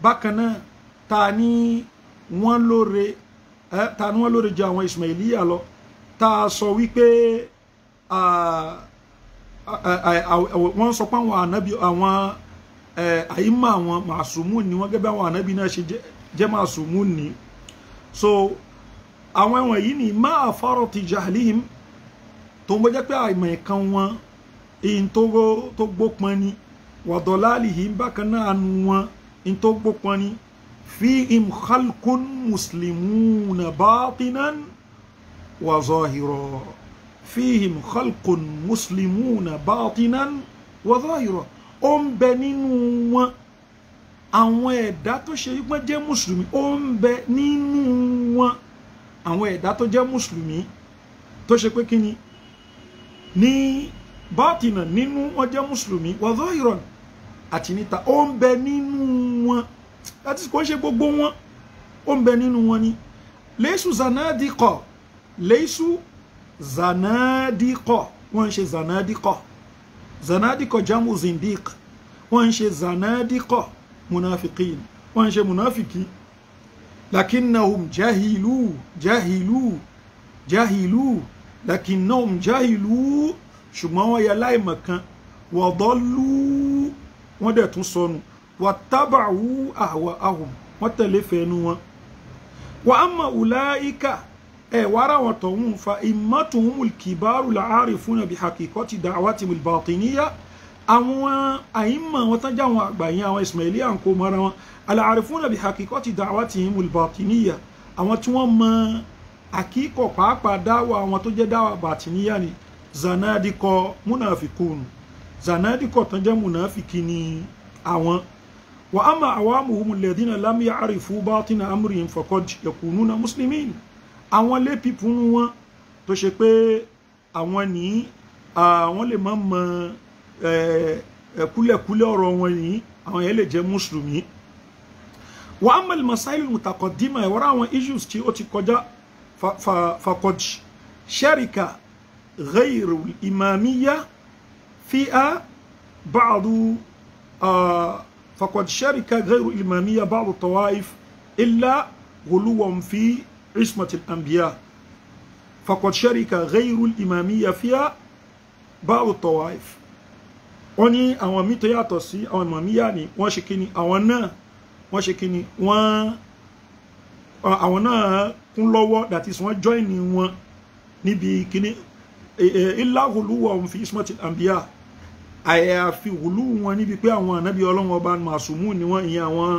bákan náà ta ni wọ́n lóore eh, ta ni wọ́n lóore ju àwọn ismailiya lọ tá a sọ wípé wọ́n sọ pé àwọn ànábì àwọn àyímọ̀ àwọn màsùmù ni wọ́n gẹ́gẹ́ bí àwọn ànábì náà ṣe jẹ́ màsùmù ni so àwọn ẹ̀wọ̀n yìí ni máa fọ́rọ̀ ti jahlihim tó ń bọ́ jẹ́ pé àìmọ̀ ẹ̀kan wọn èyí tó gbópọn ni wàdọ̀láàlì yìí bákan náà nu wọn in tó gbópọn ni fi im khalkun muslimuna batinan wa zahira fi im khalkun muslimuna batinan wa zahira ó ń bẹ nínú wọn àwọn ẹ̀dá tó ṣe wípé jẹ́ mùsùlùmí ó ń bẹ nínú wọn àwọn ẹ̀dá tó jẹ́ mùsùlùmí tó ṣe pé kí ni ní bátìnà nínú wọn jẹ́ mùsùlùmí wa zahiran àti níta ó ń bẹ nínú wọn láti kò ṣe gbogbo wọn ó ń bẹ nínú wọn ni lẹ́sù zanadikọ̀ lẹ́sù zanadikọ̀ wọ́n ń ṣe zanadikọ̀ zanadikọ̀ jamu zindik wọ́n ń ṣe zanadikọ̀ munafiqin wọ́n ń ṣe munafiki lakinnahum jahilu jahilu jahilu lakinnahum jahilu ṣùgbọ́n wọ́n yà láìmọ̀kan wọ́dọ́lú wọ́n dẹ̀ tún sọnù wà tábàwú àwa ahùn wọ́n tẹ̀lé fẹ́nu wọn wà á mọ̀ ùláìkà ẹ̀ wà ara wọn tọ̀hún fa ìmọ̀tòhún kìbárù làárẹ̀ fún ẹ̀bí hakikọ́ ti dà àwa ti mìlbàtìníyà àwọn àyínmọ̀ wọn tán jáwọn àgbàyìn àwọn ismaili à ń kó mọ́ra wọn àlàárẹ̀ fún ẹ̀bí hakikọ́ ti dà àwa ti mìlbàtìníyà àwọn tí wọ́n mọ àkíkọ̀ pàápàá dáwọ̀ àwọn tó jẹ́ dáwọ̀ bàtìníyà ni zanadikọ múnàfikùnù zanadikọ̀ tán jẹ́ mùnàfíkì ni àwọn wa ama awamuhum alladhina lam ya'rifu batina amrihim faqad yakununa muslimin àwọn lé pípùn wọn tó ṣe pé àwọn ní àwọn lè má mọ kúlẹ̀kúlẹ̀ ọ̀rọ̀ wọn ní àwọn yẹn lè jẹ́ mùsùlùmí wa ama al-masail al-mutaqaddima ìwọ́n àwọn issues tí ó ti kọjá faqad sharika ghayru al-imamiyya فيها بعض فقد شارك غير الإمامية بعض الطوائف إلا غلوا في عصمة الأنبياء فقد شارك غير الإمامية فيها بعض الطوائف wọ́n ní àwọn míì tó yàtọ̀ sí àwọn ìmọ̀míyà ni wọ́n ṣe kíni àwọn náà wọ́n ṣe kíni wọ́n àwọn náà kún lọ́wọ́ that is wọ́n join wọn níbi kíni ìlàhùlùwọ̀ òun fi ismail ambiya àyàfi wùlú wọn níbi pé àwọn ànábì ọlọ́run ọba màsùmù ni wọ́n ìyẹn àwọn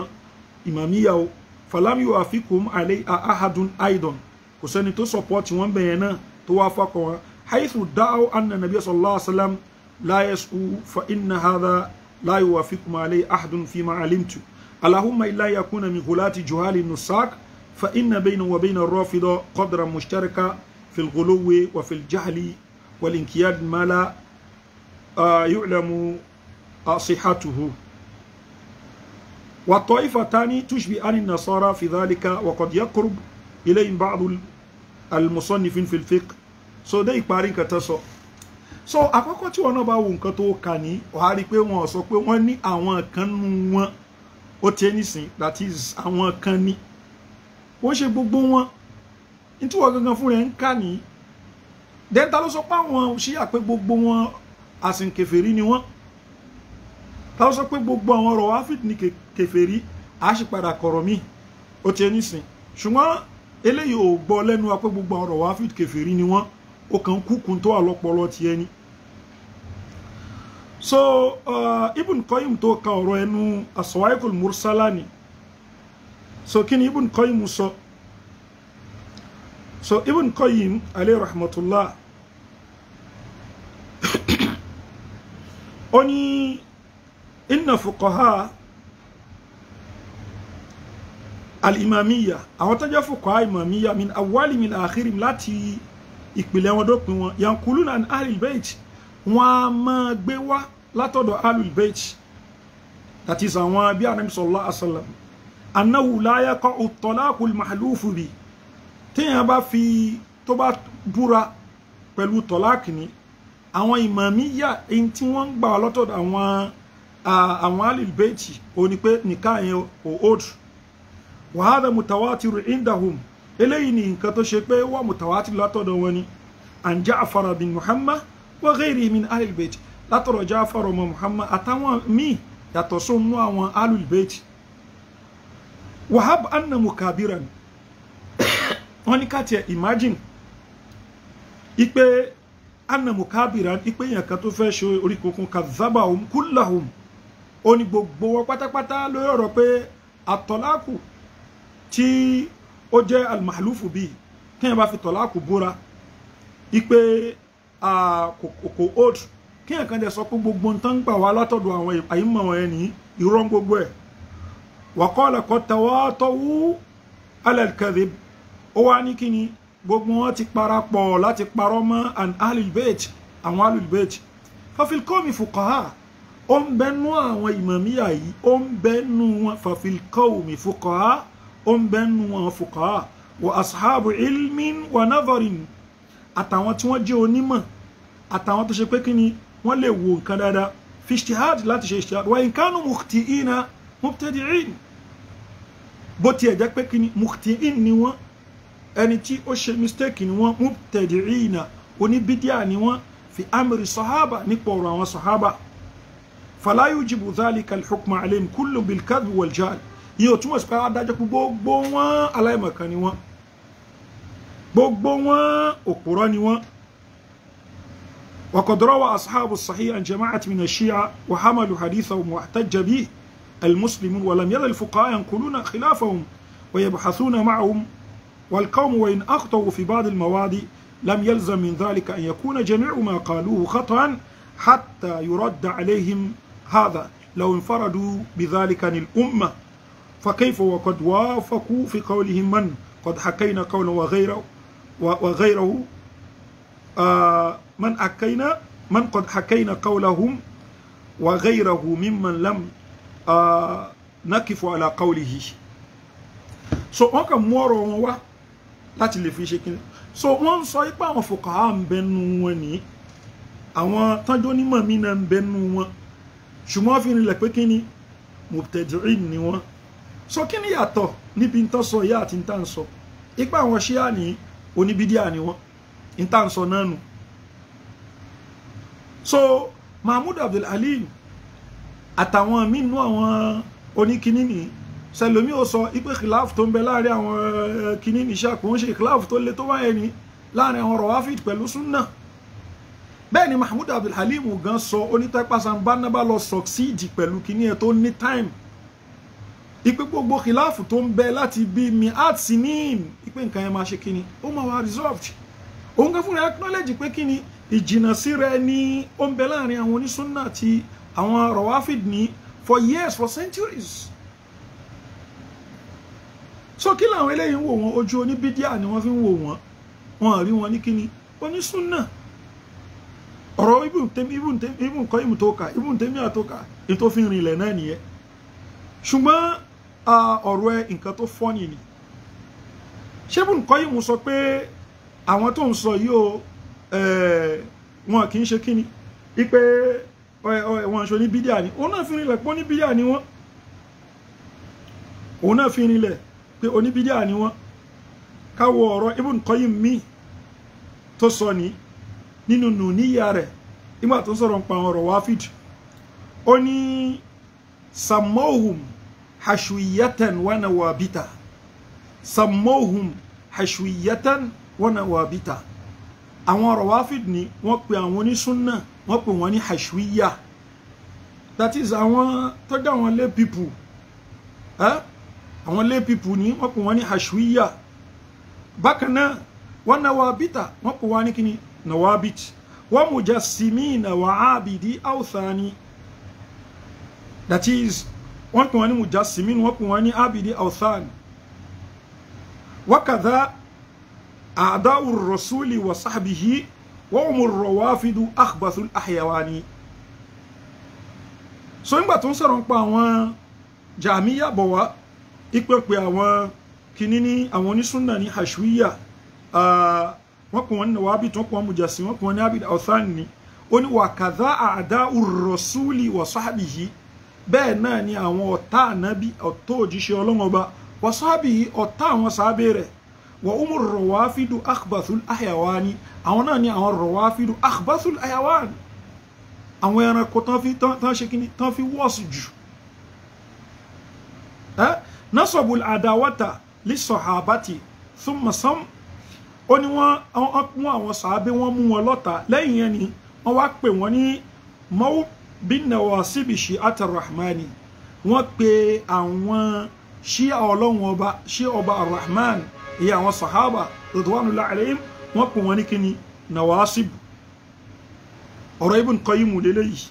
ìmàmíyà o falami wa fikum alay ahadun aidan kò sẹ́ni tó support wọn bẹ̀yẹn náà tó wá fakọ̀ wọn haythu da'u anna nabiyya sallallahu alaihi wasallam la yas'u fa inna hadha la yuwafikum alay ahadun fima alimtu allahumma illa yakuna min hulati juhali nusak fa inna bayna wa bayna rafida qadra mushtaraka fil wa fil jahli wal يعلم صحته والطائفتان تشبهان النصارى في ذلك وقد يقرب إليهم بعض المصنفين في الفقه so dé ìparí nǹkan tán so àkọ́kọ́ tí wọn náà bá wo nǹkan tó kà ní wàá rí i pé wọn sọ pé wọ́n ní àwọn kan nu wọn ó tiẹ̀ nísìn that is àwọn kan ní wọ́n ṣe gbogbo wọn nítorí wọn gangan fún rẹ̀ ń kà ní dẹ́ńtà ló sọ pé àwọn ṣíyà pé gbogbo wọn àsìnkèfèrí ni wọ́n táwọn sọ pé gbogbo àwọn ọ̀rọ̀ wáfíìtì ní kèfèrí a sì padà kọ̀rọ̀ míì ó ti ẹni sìn ṣùgbọ́n eléyìí ò gbọ́ lẹ́nu wa pé gbogbo àwọn ọ̀rọ̀ wáfíìtì kèfèrí ni wọ́n ó kàn kúkú tó wà lọ́pọlọ ti ẹni so uh, Ibn Qayyim tó ka ọ̀rọ̀ ẹnu asọ̀wáìkùl mursala ni so kí ni Ibn Qayyim sọ so Ibn Qayyim alayhi rahmatullah ó ní inna fuqaha al-imamiyya àwọn tó jẹ́ fuqaha imamiyya min awwali min akhirim láti ìpìlẹ̀ wọn dópin wọn yankuluna an ahlul bayt wọn a máa gbé wá látọ̀dọ̀ ahlul bayt that is àwọn bí anabi sallallahu alaihi wasallam annahu la yaqa'u at-talaqu al-mahlufu bi téèyàn bá fi tó bá búra pẹ̀lú tọ́láàkì ni àwọn ìmàmíyà èyí tí wọ́n ń gbà lọ́tọ̀ àwọn àwọn alìbẹ́ẹ̀tì ó ní pé nìkan yẹn ò old wàhálà mutawatiru indahum eléyìí ni nǹkan tó ṣe pé wọ́n mutawatiru látọ̀dọ̀ wọn ni an Ja'far bin Muhammad wa ghairihi min alìbẹ́ẹ̀tì látọ̀dọ̀ Ja'far ọmọ Muhammad àtàwọn míì yàtọ̀ sóun àwọn alìbẹ́ẹ̀tì wahab anna mukabiran wọ́n ní ká tiẹ̀ imagine ipe anna mukabiran ipe èèyàn kan tó fẹ́ ṣe orí kunkun kazaba òun kúlàhùn ó ní gbogbo wọn pátápátá lórí ọ̀rọ̀ pé àtọ̀láàkù tí ó jẹ́ almahlufu bíi téèyàn bá fi tọ̀láàkù búra ipe kò old kéèyàn kan dẹ̀ sọ pé gbogbo nǹkan gbà wá látọ̀dọ̀ àwọn àyímọ̀ wọn ẹni irọ́ gbogbo ẹ̀ wàkọ́ ọ̀lẹ́kọ̀ tẹ̀wọ́ tọ́wú alẹ́ kẹ́rẹ́ ó wá ní kíni gbogbo wọn ti parapọ̀ láti parọ́ mọ́ an alibet àwọn alibet fafilkomi fukaha ó ń bẹnu àwọn ìmọ̀míyà yìí ó ń bẹnu wọn fafilkomi fukaha ó ń bẹnu wọn fukaha wa ashabu ilmin wa nazarin àtàwọn tí wọ́n jẹ́ onímọ̀ àtàwọn tó ṣe pé kí ni wọ́n lè wo nǹkan dáadáa fi láti ṣe ijtihad wa in kanu mukhti'ina mubtadi'in bó tiẹ̀ jẹ́ pé kí ni mukhti'in ni wọ́n ẹni tí ó ṣe mistake ni wọ́n mubtadi'ina oníbídíà ni wọ́n fi amri sahaba nípa ọ̀rọ̀ àwọn sahaba fala yujibu dhalika al-hukma alayhim kullu bil-kadhb wal-jahl ìyẹn ò túmọ̀ sí pé adájọ́ pé gbogbo wọn aláìmọ̀kan ni wọ́n gbogbo wọn òpùrọ́ ni wọ́n وقد روى أصحاب الصحيح عن جماعة من الشيعة وحملوا حديثهم واحتج به المسلمون ولم يزل الفقهاء ينقلون خلافهم ويبحثون معهم والقوم وإن أخطأوا في بعض المواد لم يلزم من ذلك أن يكون جميع ما قالوه خطأ حتى يرد عليهم هذا لو انفردوا بذلك عن الأمة فكيف وقد وافقوا في قولهم من قد حكينا قولا وغيره وغيره آه، من حكينا من قد حكينا قولهم وغيره ممن لم آه، نكف على قوله so on ka láti lè fi ṣe kí ni so wọ́n ń sọ pé àwọn fòkà á ń bẹnu wọn nìyí àwọn tọ́jú onímọ̀ mi náà ń bẹnu wọn ṣùgbọ́n fi rinlẹ̀ pé kí ni mubtadi'in ni wọ́n so kí ni yàtọ̀ níbi ntọ́ sọ ìyá àti ntá ń sọ ipa àwọn ṣíà ní oníbídíà ni wọ́n ntá ń sọ náà nù so Mahmoud Abdul Aliyu àtàwọn mí nú àwọn oníkíní nìyí sẹlómi ò sọ ipe khilaf tó ń bẹ láàrin àwọn eh, kìíní nìṣà kò ń ṣe khilaf tó le tó wáyé ni láàrin àwọn rọwáfíìd pẹ̀lú súnà bẹ́ẹ̀ ni mahmoud abdulhalim gan sọ onítẹ́pàṣán bánábà lọ sọ̀ksíìdì pẹ̀lú kìíní ẹ̀ tó ní táìmù ipe gbogbo khilaf tó ń bẹ láti bí mi àti níìm ipe nǹkan yẹn máa ṣe kíni ó máa wá resolved òun kan fúnra acknowledge pé kíni ìjìnà síra ni ó ń bẹ láàrin àwọn onísúnà àti àwọn rọwáfíìd ní for years for centuries so kí làwọn eléyìí ń wò wọn ojú oníbídíà ni wọ́n fi ń wò wọ́n wọn rí wọn ní kíni onísúnà ọ̀rọ̀ ibùn kọ́ ìmù tó kà ibùn tẹ́mí àtọ́kà èyí tó fi rìnlẹ̀ náà nìyẹn ṣùgbọ́n ọ̀rọ̀ ẹ nǹkan tó fọ́nì ni ṣé ibùn kọ́ ìmù sọ pé àwọn tó ń sọ yìí o wọn kì í ṣe kíni ipe wọn ṣo ní ni òun náà fi rìnlẹ̀ pọ́ ní bídíà ni wọ́n òun náà fi rìnlẹ̀ pé oníbídíà ni wọ́n káwọ ọ̀rọ̀ Ibn Qayyim mi tó sọ ní nínú nù níyà rẹ̀ nígbà tó ń sọ̀rọ̀ nípa ọ̀rọ̀ wáfíd ó ní samohum hashwiyatan wa nawabita samohum hashwiyatan wa nawabita àwọn ọ̀rọ̀ wáfíd ni wọ́n pe àwọn onísúnnà wọ́n pe wọ́n ní hashwiya that is àwọn tó dá wọn lé pipu. Eh? àwọn lay people ní wọ́n pè wọ́n ní hashwiya bákan náà wọ́n nawabita wọ́n pè wọ́n ní kíni nawabit wọ́n mujassimina wa abidi awthani that is wọ́n pè wọ́n ní mujassimin wọ́n pè wọ́n ní abidi awthani wakadha a'da'u rasuli wa sahbihi wa umur rawafidu akhbathul ahyawani so nígbà tó ń sọ̀rọ̀ nípa àwọn jàmíyà bọ̀wá ìpèpè àwọn kìíní ní àwọn onísúnà ní hashwiya wọ́n pọ̀ wọn ní wàá bìtàn pọ̀ mùjàsí wọ́n pọ̀ wọn ní abid ọ̀sán ni ó ní wàkàdá àdá rọ̀súlì wàsáàbì yìí bẹ́ẹ̀ náà ni àwọn ọ̀tá ànábì ọ̀tá òjíṣẹ́ ọlọ́run wàsáàbì yìí ọ̀tá àwọn sábẹ́ rẹ̀ wà ó mú rọ̀wáfídù akhbathul ahayawani àwọn náà ni àwọn rọ̀wáfídù akhbathul ahayawani àwọn ẹranko tán fi wọ́ọ̀sì jù nasabu adawata li sọ̀hábàtì thumma sam ó ní wọ́n mú àwọn sàábé wọ́n mú wọn lọ́ta lẹ́yìn yẹn ni wọ́n wá pè wọ́n ní mọ́wó bin nawasibi shi atarrahmani wọ́n pe àwọn ṣíà ọlọ́run ọba ṣíà ọba arrahman ìyá àwọn sàhábà radwanullahi alayhim wọ́n pè wọ́n ní kíni nawasib ọ̀rọ̀ ibn Qayyim lélẹ́yìí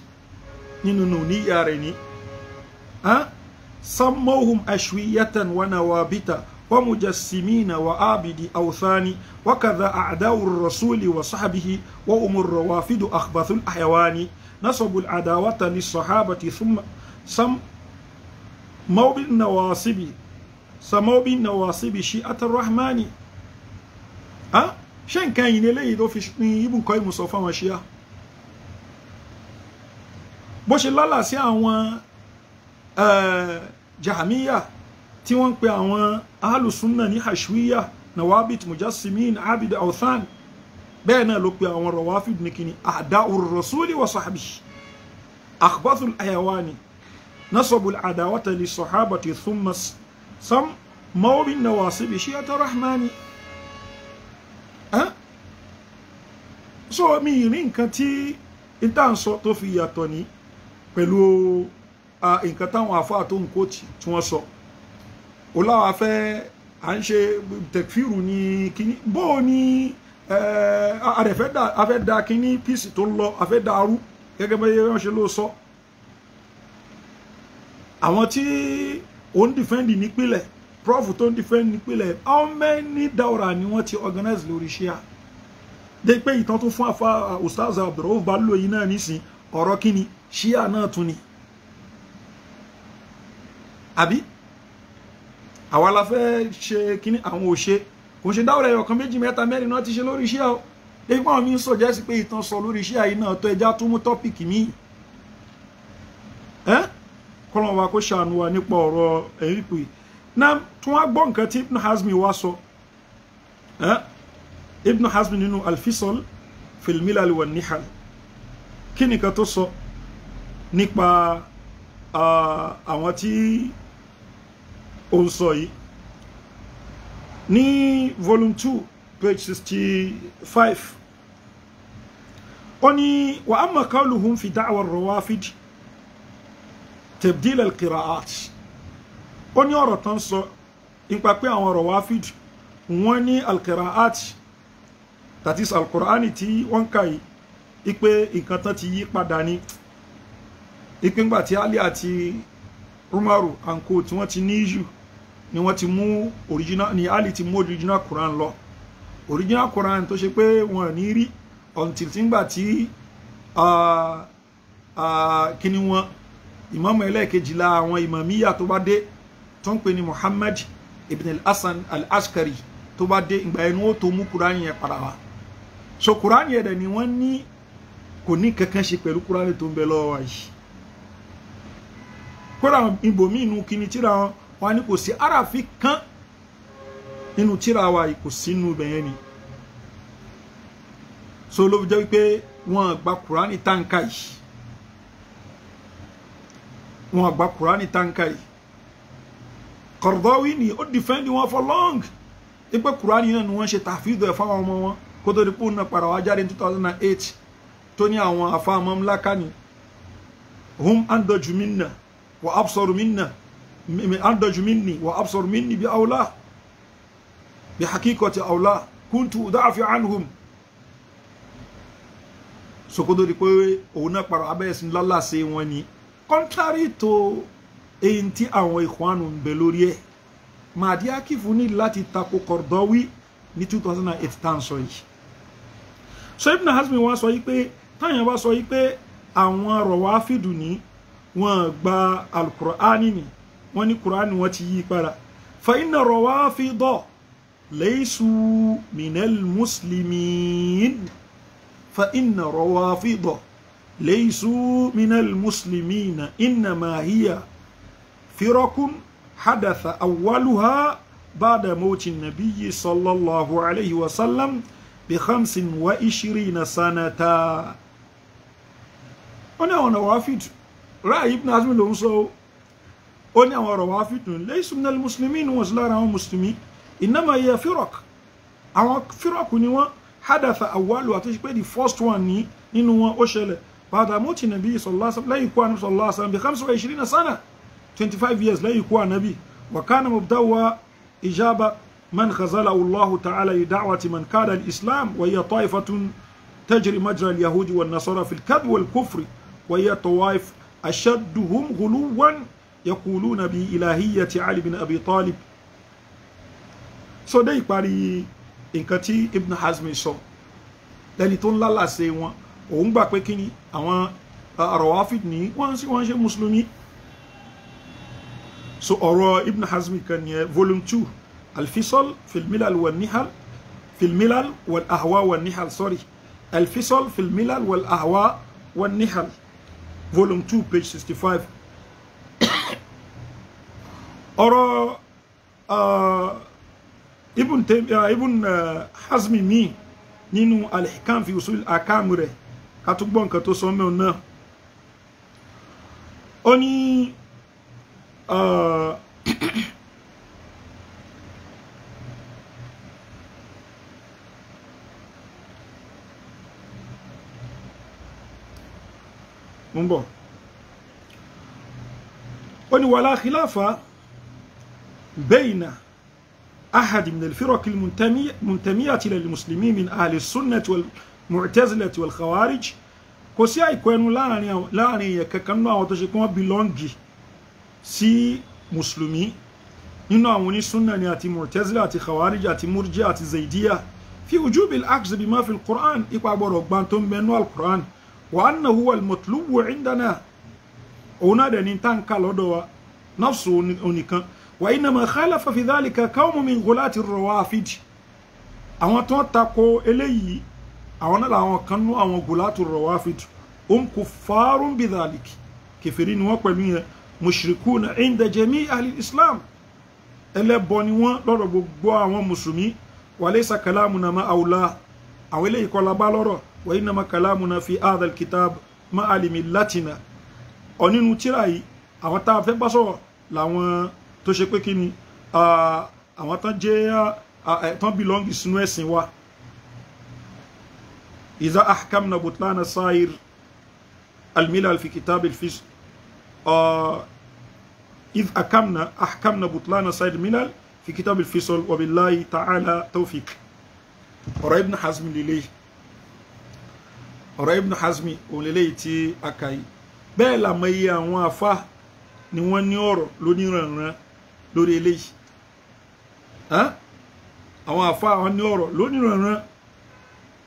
nínú nù ní ìyá rẹ̀ ni. Ha? سموهم أشوية ونوابتا ومجسمين وعابد أوثان وكذا أعداء الرسول وصحبه وهم الروافد أخبث الأحيوان نصبوا العداوة للصحابة ثم سموا بالنواصب سموا بالنواصب شيئة الرحمن أه؟ شان كان ينلي دو في ابن قيم مصطفى مشيا بوش لالا سي àwọn Eh, jahamiya tí wọ́n ń pe àwọn alùsùnà ní hashwiya nawabit mujasimin abid awthan bẹ́ẹ̀ náà ló pe àwọn rawafid ní kíni àdá rasuli wa sahabi akhbathul ayawani nasabul adawata li sahabati thumma sam mawbin nawasibi shiyata rahmani eh? so mi rí nǹkan tí ìtàn sọ tó fi yàtọ̀ ní pẹ̀lú Ah, nǹkan táwọn àfáà tó ń kó tí wọ́n sọ ó láwa fẹ́ à ń ṣe tẹ̀fíìrù ní kíní bó o ní eh, afẹ́ da kíní píìsì tó ń lọ afẹ́ da arú gẹ́gẹ́ bẹ́ẹ̀ wọ́n ṣe ló sọ àwọn tí ó ń dìfẹ́ǹdì nípìnlẹ̀ prof tó ń dìfẹ́ǹdì nípìnlẹ̀ how many daura ni wọ́n ti organize lórí ṣíà dé pé ìtàn tó fún àfa ustaz abdulrahman bá lóyún náà nísìn ọ̀rọ̀ kíni ṣíà náà tún ni àbí àwa la fẹ́ ṣe kíní àwọn òṣè kò ṣe dáwọ́ rẹ̀ ọ̀kan méjì mẹ́ta mẹ́rin náà ti ṣe lórí iṣẹ́ o lẹ́yìn pé àwọn mi ń sọ jẹ́ sí pé ìtàn sọ lórí iṣẹ́ àyè náà tó ẹja tó mú tọ́pìkì míì ẹ́ kọ́lọ́n wa kó ṣàánú wa nípa ọ̀rọ̀ ẹ̀yìn pè náà tún wá gbọ́ nǹkan tí Ibn Hazmi wá sọ ẹ́ Ibn Hazmi nínú Al-Fisal fil Milal wa Nihal kí nìkan tó sọ nípa àwọn tí ó ń sọ yìí ní volume two page sixty five ó ní wa amma qawluhum fi da'wa ar-rawafid tabdil al-qira'at ó ní ọ̀rọ̀ tán sọ nípa pé àwọn rawafid wọ́n ní al-qira'at that is al tí wọ́n kà yìí ipe nǹkan tán ti yí padà ní ipe ńgbà tí Ali àti Umaru àǹkó tí wọ́n ti ní issue ni wọ́n ti mú original ni ali ti mú original quran lọ original quran tó ṣe pé wọn ò ní rí until tígbà tí kíni wọn ìmáàmù ẹlẹ́ẹ̀kejìlá àwọn ìmàmíyà tó bá dé tó ń pè ní muhammad ibn al-hasan al Ashkari tó bá dé ìgbà ẹni ó tó mú quran yẹn padà wá so quran yẹn dẹ̀ ni wọ́n ní kò ní kankan ṣe pẹ̀lú quran tó ń bẹ lọ́wọ́ yìí kódà ibòmí inú kíni tíra wọn wọ́n á ní kò sí arafi kan nínú tíra wa kò sínú ibẹ̀ yẹn ni so ló fi jẹ́ wípé wọ́n gba kùránì táǹkà yìí wọ́n gba kùránì táǹkà yìí Qardawi ni ó dìfẹ́ndì wọn for long ipe kurani náà ni wọ́n ṣe tàfíìdọ̀ ẹ̀ fáwọn ọmọ wọn kó tó di pé òun náà padà jáde ní two thousand and eight tó ní àwọn àfáàmọ́ ńlá ká ni hum andojumina, wa absorumina. من أنضج مني وأبصر مني بأولاه بحقيقة أولاه كنت أدافع عنهم sokodo di pé òun náà parọ́ abẹ́yẹsí lálàsẹ̀ wọn ni contrary to èyí tí àwọn ìkwánu ń bẹ lórí ẹ̀ màdí akífù ní láti tako kọ̀dọ̀wí ní 2008 tá à ń sọ yìí so Ibn Hazmi wọn sọ yìí pé táyà bá sọ yìí pé àwọn rọwà fìdù ní wọn gba alukur'ani ni wọ́n ní kuraani wọ́n ti yí padà fa inna rawafida laysu minal muslimin fa inna rawafida laysu minal muslimina innama hiya firakun hadatha awwaluha ba'da mawti nabiyyi sallallahu alayhi wa sallam bi khamsin wa ishirina sanata. wọ́n ní àwọn nawafid ráàyè ibn azmi ló ń sọ ó ní àwọn Rawafidun laysu minal muslimin wọn sí lára àwọn mùsùlùmí innama hiya firaq àwọn firaq ni wọ́n hadatha awwalu àti ṣe pé the first one ní nínú wọn ó ṣẹlẹ̀ bàdà mọ́tì nàbí sallallahu lẹ́yìn ikú ànábì sallallahu alaihi wasallam bí khamsa wa ishirina sana twenty five years lẹ́yìn ikú ànábì wa kana mubdawa ijaba من خزله الله تعالى لدعوة من كاد الإسلام وهي طائفة تجري مجرى اليهود والنصارى في الكذب والكفر وهي طوائف أشدهم غلوا yaquluna bi ilahiyyati ali bin abi talib so dé ìparí nǹkan tí ibn hazmi sọ lẹni tó ń lálàsẹ wọn òun gbà pé kíni àwọn rawafid ní wọ́n sí wọ́n ṣe mùsùlùmí so ọ̀rọ̀ ibn hazmi kan yẹn volume two alfisol filmilal wa nihal filmilal wal ahwa wa nihal sorry alfisol filmilal wal ahwa wa nihal volume two page sixty five ọ̀rọ̀ ibùn uh, ibùn uh, uh, hazmi mi nínú alihikam fi usul akam rẹ̀ ká tún gbọ́ nǹkan tó sọ mẹ́wọ̀n náà ó ní ń ó ní wàlá khilafa. بين أحد من الفرق المنتمية منتمية للمسلمين من أهل السنة والمعتزلة والخوارج كوسي أي كوينو لا نيا لا نيا ككنوا أو تشكوا بلونجي سي مسلمي إنه أموني سنة نياتي معتزلة أتي خوارج أتي مرجع أتي زيدية في وجوب الأخذ بما في القرآن إقوى بروك بانتون بينو القرآن وأن هو المطلوب عندنا ونادن إنتان كالودوا نفسه ونكن وإنما خالف في ذلك قوم من غلاة الروافد àwọn tó ń tako eléyìí àwọn náà làwọn kan nú àwọn gulatu rawafid um kuffarun bidhalik kèfèrí ni wọ́n pẹ̀lú yẹn mushrikuna inda jami ahli islam ẹlẹ́bọ ni wọ́n lọ́rọ̀ gbogbo àwọn mùsùlùmí walaysa kalamuna ma awla àwọn eléyìí kọ́ la bá lọ́rọ̀ wa innama kalamuna fi adal kitab ma alimi latina ọ̀nínú tíra yìí àwọn tá a fẹ́ bá sọ̀rọ̀ làwọn tó ṣe pé kí ni àwọn tán jẹ́ tán bílọ́ǹgì sínú ẹ̀sìn wa iza ahkamna butlana sair almilal fi kitab alfisq إذ أكمنا أحكمنا بطلان سيد الملل في كتاب الفصل وبالله تعالى توفيق ọ̀rọ̀ Ibn Hazmi lélẹ́yìí ọ̀rọ̀ Ibn Hazmi òun lélẹ́yìí tí a kà yìí bẹ́ẹ̀ làmọ́ iye àwọn afá ni wọ́n ní ọ̀rọ̀ lóníranran lórí eléyìí àwọn àfa àwọn ní ọ̀rọ̀ lóníranran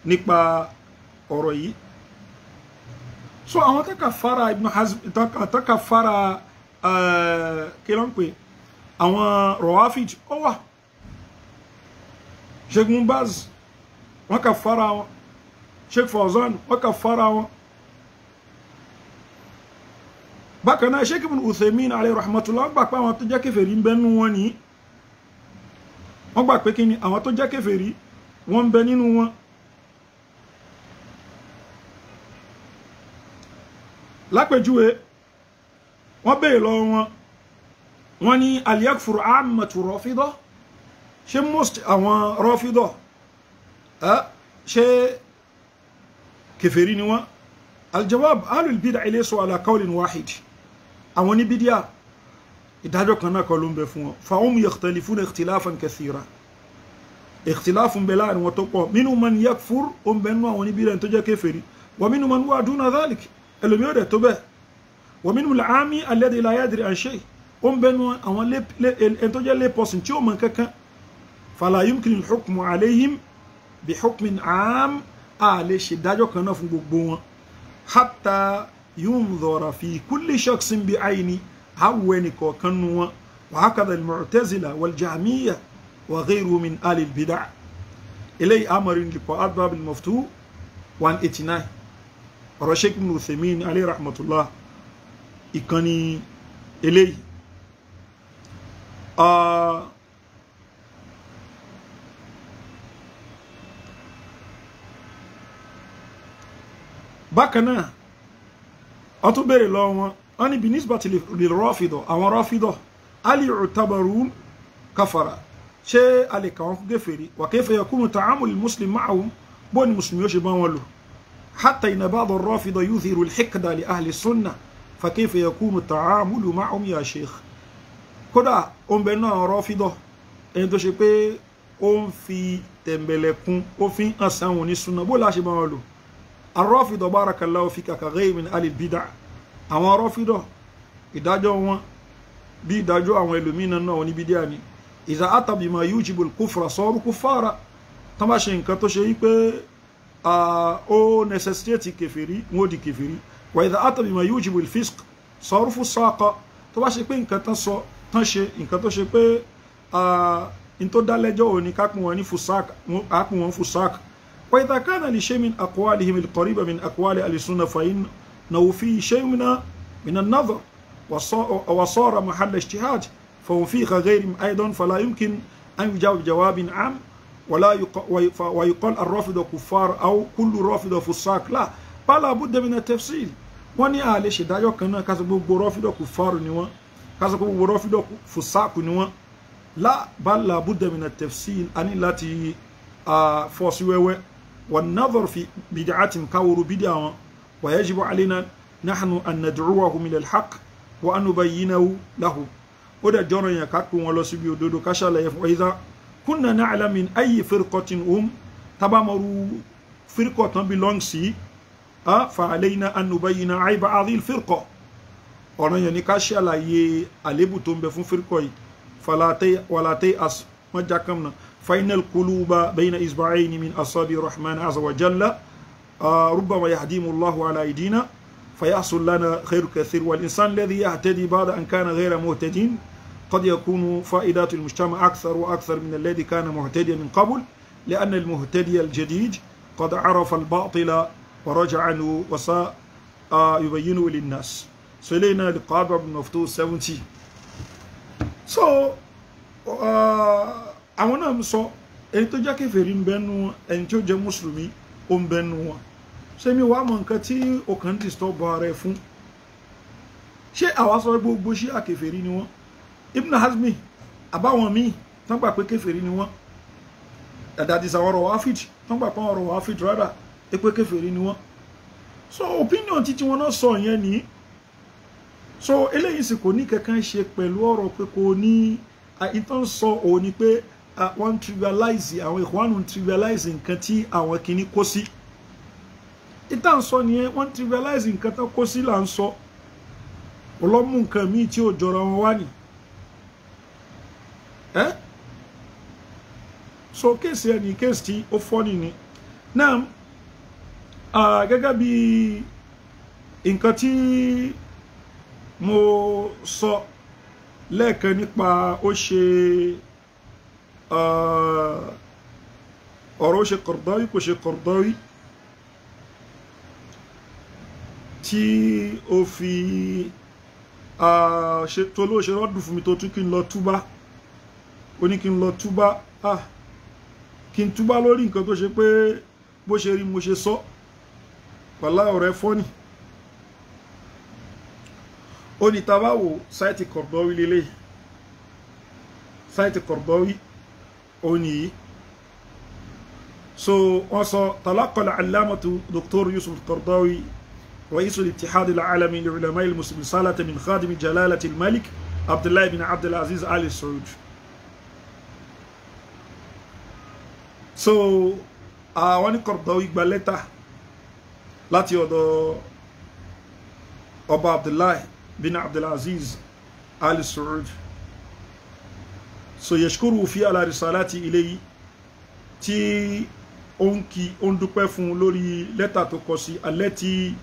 nípa ọ̀rọ̀ yìí so àwọn tọ́ka fara Ibn Hazm tọ́ka fara eh, kí ló ń pè àwọn rọ̀wáfíj ó wà Sheikh Mumbaz wọ́n kà fara wọn Sheikh Fawzan kà fara wọn bákan náà sheikh ibn uthaymin alayhi rahmatullah gbà pé àwọn tó jẹ́ kèfèrí ń bẹ nínú wọn ni wọ́n gbà pé kí ni àwọn tó jẹ́ kèfèrí wọ́n ń bẹ nínú wọn lápèjúwe wọ́n béè lọ wọn wọ́n ní aliyakfur amatu rọfidọ ṣé most àwọn rọfidọ ṣé kèfèrí ni wọ́n aljawab alul bid'a ilaysu ala qawlin wahid àwọn oníbídíà ìdájọ́ kan náà kọ́ ló ń bẹ fún wọn fahum yakhtalifuna ikhtilafan kathira ikhtilafu ń bẹ láàrin wọn tó pọ̀ minhum man yakfur ó ń bẹ nú àwọn oníbídíà tó jẹ́ kèfèrí wa minhum man huwa duna dhalik ẹlòmí ó dẹ̀ tó bẹ́ẹ̀ wa minhum al-aami alladhi la yadri an shay ó ń bẹ nú àwọn ẹni tó jẹ́ layperson tí ó mọ̀ kankan fala yumkinu al-hukmu bi hukmin aam a lè ṣèdájọ́ kan náà fún gbogbo wọn hatta ينظر في كل شخص بعيني هونك وكنوة وهكذا المعتزلة والجامية وغيره من آل البدع إلي أمر لكو أدباب المفتو وان إتناه رشيك بن ثمين عليه رحمة الله إكاني إلي آه بكنا wọ́n tún béèrè lọ́wọ́ wọn wọ́n ní binis bá ti lè rọ́fìdọ̀ àwọn rọ́fìdọ̀ ali utabaru kafara ṣé a lè kà wọ́n kú kèfèrí wà kayfa yakunu ta'amul muslim ma'ahum bó ni mùsùlùmí ó ṣe bá wọn lò hatta inna ba'da rọ́fìdọ̀ yuthiru al-hikda li ahli sunna fa kayfa yakunu ta'amulu ma'ahum ya sheikh kódà ó bẹ náà rọ́fìdọ̀ ẹni tó ṣe pé ó ń fi tẹ̀m̀bẹ̀lẹ̀kun ó fi ń hàn sáwọn onísùnà bó la bá wọn lò arọ́fìdọ̀ barakallahu fika kàgẹ́yìn min alil bidà àwọn arọ́fìdọ̀ ìdájọ́ wọn bí ìdájọ́ àwọn ẹlòmínà náà wọn níbi díà ni ìzà átàbí ma yujibul kufra sọ́ọ́rù kufara tán bá ṣe nǹkan tó ṣe yí pé ó necessitate kẹfìrí wọn ò di kẹfìrí wà ìzà átàbí ma yujibul fisq sọ́ọ́rù fún sáàkọ tó bá ṣe pé nǹkan tán sọ tán ṣe nǹkan tó ṣe pé n tó dá òní kápùn wọn ní fusaq وإذا كان لشيء من أقوالهم القريبة من أقوال السنة فإنه فيه شيء من من النظر وصار محل اجتهاد فهم فيه غيرهم أيضا فلا يمكن أن يجاوب جواب عام ولا ويقال الرافض كفار أو كل رافضة فساق لا بل بد من التفصيل وني ní àlè ṣèdájọ́ kan náà kásán gbogbo rọ́fídọ̀kù fáàrù ni wọ́n kásán لا rọ́fídọ̀kù fòsáàkù ni wọ́n lá bá làbúdẹ̀mìnà tafsil a والنظر في بدعة كور بدعة ويجب علينا نحن أن ندعوه من الحق وأن نبينه له. ودا جرى يكاكو ولو سبيو دودو كشال وإذا كنا نعلم من أي فرقة هم تبامروا فرقة بلونسي فعلينا أن نبين عيب هذه الفرقة ọ̀ràn yẹn ni ká ṣàlàyé àlébù tó ń bẹ fún fírkọ̀ yìí falatẹ́ wàlátẹ́ as فإن القلوب بين إصبعين من أصابع الرحمن عز وجل آه، ربما يهديم الله على أيدينا فيحصل لنا خير كثير والإنسان الذي يهتدي بعد أن كان غير مهتدين قد يكون فائدات المجتمع أكثر وأكثر من الذي كان مهتديا من قبل لأن المهتدي الجديد قد عرف الباطل ورجع عنه آه، يبينه للناس سلينا لقاب بن مفتوح 70 So, uh, àwọn náà ń sọ èyí tó jẹ́ kèfèrí ń bẹ́nu ẹni tí ó jẹ́ mùsùlùmí ó ń bẹ́nu wọn ṣé mi wàá mọ nǹkan tí o kàn ń disturb ara ẹ fún ṣé àwa sọ gbogbo ṣí àkèfèrí ni wọn Ibn Hazmi àbáwọn míì tán gbà pé kèfèrí ni wọn dàdàdìsà ọ̀rọ̀ wáfíd tán gbà pé ọ̀rọ̀ wáfíd rárá pé kèfèrí ni wọn so opinion títí wọn náà sọ yẹn ni so eléyìí sì kò ní kankan ṣe pẹ̀lú ọ̀rọ̀ pé kò ní ìtàn sọ òun pé wọ́n trivialize àwọn ìkọ́nù trivialize nǹkan tí àwọn kìíní kó sí ìta ń sọ nìyẹn wọ́n trivialize nǹkan tó kó sí là ń sọ ọlọ́mú nǹkan míì tí ò jọra wọn wá nì ẹ́ so kéèsì ẹ̀ ní kéèsì tí ó fọ́ nìyí náà gẹ́gẹ́ bí nǹkan tí mo sọ lẹ́ẹ̀kan nípa ó ṣe. So, ọ̀rọ̀ ṣe Qardawi kò ṣe Qardawi tí ó fi tó ló ṣe rọ́dù fún mi tó tún kí n lọ túbá ó ní kí n lọ túbá kí n túbá lórí nǹkan tó ṣe pé bó ṣe rí mo ṣe sọ pàlá ọ̀rẹ́ fọ́nì ó ní tá bá wò sáìtì Qardawi lélẹ̀ sáìtì Qardawi òun so also sọ talaqal alamatu dr yusuf tardawi رئيس الاتحاد العالمي لعلماء المسلمين صالة من خادم جلالة الملك عبد الله بن عبد العزيز آل سعود so awani Qardawi gba lẹ́tà láti ọ̀dọ̀ ọba abdullahi bin abdulaziz al-saud so yashkuru fi ala risalati ilayhi tí ó ń kí ó ń dúpẹ́ fún lórí lẹ́tà tó kọ sí allati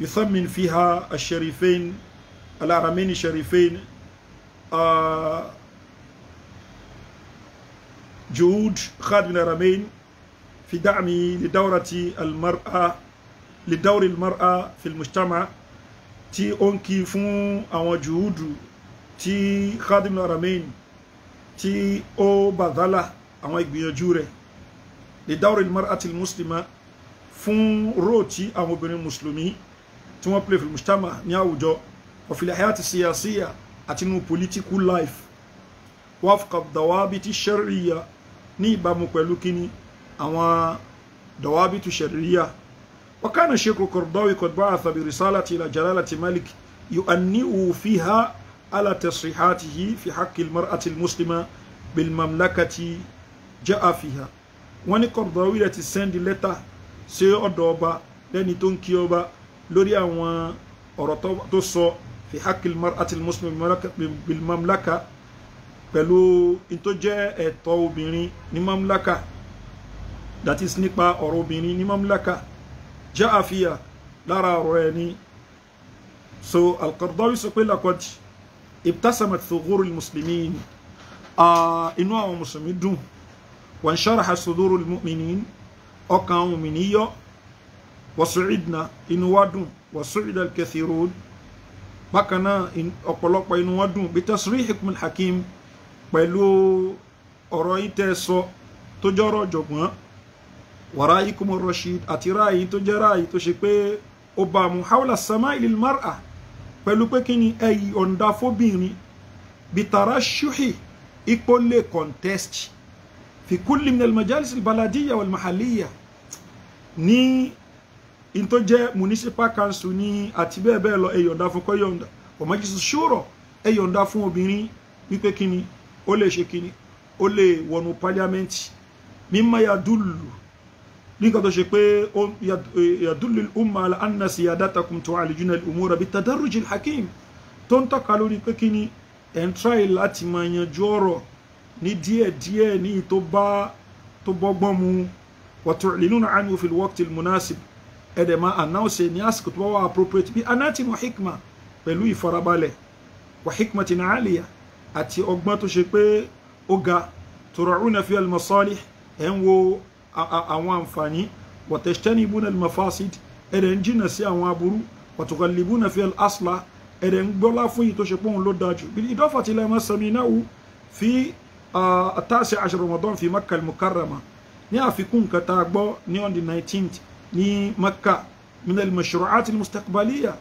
yuthammin fiha ash-sharifain al-haramain ash-sharifain juhud khadim al-haramain fi da'mi lidawrati al-mar'a lidawri fi al-mujtama' tí ó ń kí fún juhudu tí khadim naramain tí ó bàdálà àwọn ìgbìyànjú rẹ̀ lè dáwọ̀rẹ̀ ilmar àti muslima fún róòtí àwọn obìnrin mùsùlùmí tí wọ́n play film mustama ní àwùjọ ọ̀fìlẹ̀ hayati siyasiya àti inú political life wafqa dawabiti shar'iyya ní ìbámu pẹ̀lú kíní àwọn dawabitu shar'iyya wakana sheikh Qaradawi qad ba'atha bi risalati ila jalalati malik yu'anni'u fiha على تصريحاته في حق المرأة المسلمة بالمملكة جاء فيها wọ́n ní Qardawi rẹ̀ ti sẹ́ndì lẹ́tà sí ọ̀dọ̀ ọba lẹ́ni tó ń kí ọba lórí àwọn ọ̀rọ̀ tó sọ fi حق المرأة المسلمة بالمملكة pẹ̀lú tó jẹ́ ẹ̀tọ́ obìnrin ní mamlaka that is nípa ọ̀rọ̀ obìnrin ní mamlaka jẹ́ àfihàn lára ọ̀rọ̀ ẹ̀ ní so Al-Qardawi sọ pé lakọ́jì ibtasamat thuguru almuslimin inú àwọn mùsùlùmí dùn wa nsharaha suduru almu'minin ọkàn àwọn mùmìnì yọ wa su'idna inú wa dùn wa su'ida alkathirun bákan náà ọ̀pọ̀lọpọ̀ inú wa dùn bi tasrihik min hakim pẹ̀lú ọ̀rọ̀ yìí tẹ́ sọ tó jọ́rọ̀ jọ̀gbọ́n wàrá ikumar rashid àti ráàyí tó jẹ́ ráàyí tó ṣe pé ó bá mu hawla sama ilil mar'a pẹ̀lú pé kí ni ẹ̀yì ọ̀ǹda fóbìnrin bitara ṣuhi ipò lè contest fi kulli min almajalis albaladiya walmahaliya ní in tó jẹ́ municipal council ní àti bẹ́ẹ̀ bẹ́ẹ̀ lọ ẹ̀yì ọ̀ǹda fún kọ́ yọ̀ǹda ọ̀mọ́jísù ṣúrọ̀ ẹ̀yì ọ̀ǹda fún obìnrin wípé kí ni ó lè ṣe kí ni ó lè wọnú parliament mimma yadullu nǹkan tó ṣe pé e, yadulil umma ala anna siyadatakum tu'alijuna al-umura bitadarrujil hakim tó ń tọ́ka lórí pé kí ni ẹ̀ ń tíráì láti máa yanjú ọ̀rọ̀ ní díẹ̀díẹ̀ ní tó bá tó bọ́gbọ́n mu wa tu'linuna anhu fil waqtil munasib ẹ̀dẹ̀ máa announce ní àsìkò tó bá wà appropriate bí anatin wa hikma pẹ̀lú ìfarabalẹ̀ wa hikmatin aliya àti ọgbọ́n tó ṣe pé ó ga tura'una fi al-masalih ẹ̀ ń wo àwọn àǹfààní wàtẹ̀ṣtẹ́nibúnà almafasid ẹ̀rẹ̀ ń jìnà sí àwọn aburú wàtùkàlìbúnà fi asla ẹ̀rẹ̀ ń gbọ́lá fún yìí tó ṣe pọ́n ló dájú ìdọ́fàtí lẹ́mọ́ saminahu fi àtàṣe àṣẹ Ramadan fi Makka al-Mukarrama ní àfikún nǹkan tá a gbọ́ ní on the 19th ní Makka min al-mashru'at al-mustaqbaliya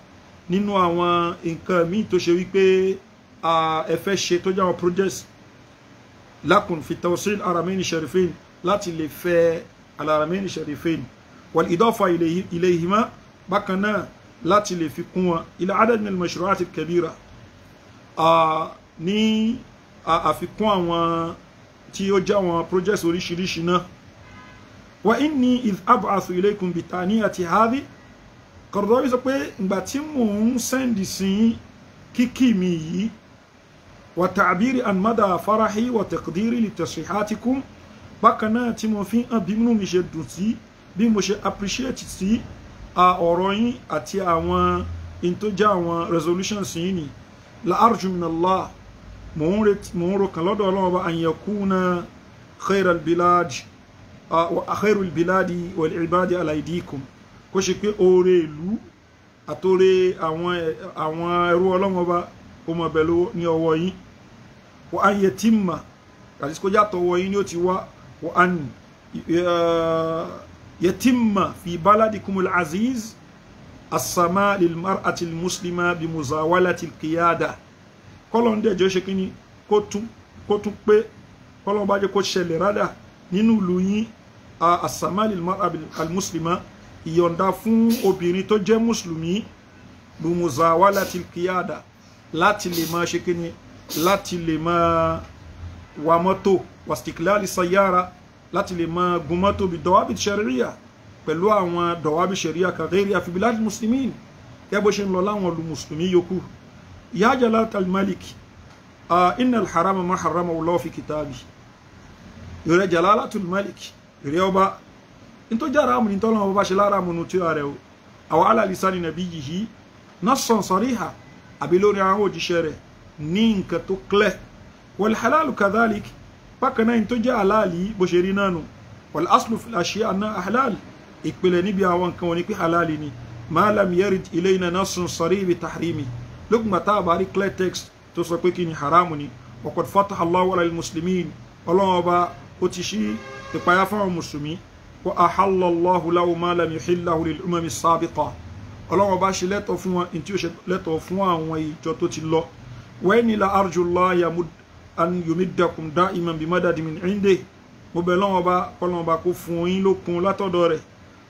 nínú àwọn nǹkan míì tó ṣe wípé ẹ fẹ́ ṣe tó jẹ́ àwọn projects lakun fi tawsil aramin láti lè fẹ́ aláramain sharifain wal idafa ilayhima bákan náà láti lè fi kún wọn ila adad min al-mashru'at al-kabira ní àfikún àwọn tí ó jẹ́ àwọn projects oríṣiríṣi náà wa inni idh ab'athu ilaykum bitaniyati hadhi Qaradawi sọ pé ìgbà tí mò ń sẹ́ndì sí kíkì mi yìí wa ta'biri an mada farahi wa taqdiri li tasrihatikum bákan náà tí mo fi hàn bí inú mi ṣe dùn sí bí mo ṣe appreciate sí ọ̀rọ̀ yín àti àwọn in àwọn resolutions yín ni la arju min Allah mò ń rokan lọ́dọ̀ ọlọ́run ọba an yakuna khairal bilad wa khairul biladi wal ibadi ala idikum kó ṣe pé oore ìlú àtòrè àwọn àwọn ẹrú ọlọ́run ọba ó mọ̀ bẹ̀ lọ́wọ́ ní ọwọ́ yín wa an yatimma àti kó yàtọ̀ ọwọ́ yín ni ó ti wá وأن يتم في بلدكم العزيز السماء للمرأة المسلمة بمزاولة القيادة kọ́lọ́n dẹ̀ jọ ṣe kí ni kó tún pé kọ́lọ́n bá jẹ́ kó ṣẹlẹ̀ rádà nínú ìlú yín àsàmálì almuslima ìyọ̀ǹda fún obìnrin tó jẹ́ mùsùlùmí lùmùzàwá láti kíyàdà láti lè máa ṣe kí ni láti lè máa wa mọ́tò wàstíkìláàlì sayára láti lè máa gun mọ́tò bí dọ̀wábì ṣẹ̀ríà pẹ̀lú àwọn dọ̀wábì ṣẹ̀ríà kan rẹ́rì àfibiláàdì mùsùlùmí gẹ́gẹ́ bó ṣe ń lọ láwọn olú mùsùlùmí yòókù ìyá jẹ́lá talmalik inna alharama ma harama Allah fi kitabi ìrẹ́ jẹ́lá talmalik ìrẹ́ ọba in tó jára àmì tọ́lọ́ ọba ṣe lára àmì tí ó rẹ̀ o àwọn alàlìsáni nàbí yìí náà sọ̀nsọ̀ríhà àbí lórí àwọn òjíṣẹ́ rẹ̀ ní nǹkan tó clear wàlhálàlù kadhalik bákan náà tó jẹ́ àlàálì bó ṣe rí náà nù wàlásùlù fìlàṣẹ àná àhàlàlì ìpìlẹ̀ níbi àwọn nǹkan wọn ni pé àlàálì ni maalam yarid ilayna nasun sari bi tahrimi lókùngbà tá a bá rí clear text tó sọ pé kí ni haramu ni waqad fataha Allahu ala al-muslimin ọlọ́run ọba ó ti ṣí ìpayà fáwọn mùsùlùmí wa ahalla Allahu lahu ma lam yuhillahu lil umami sabiqa ọlọ́run ọba ṣe lẹ́tọ̀ fún wọn ní tí ó ṣe lẹ́tọ̀ fún àwọn ìjọ tó ti lọ wa inni la arju Allah yamud an yumiddakum da'iman bi madadi min inde mo bẹ̀ lọ́wọ́ bá kọ́lọ́wọ́ bá kó fún yín lókun látọ̀dọ̀ rẹ̀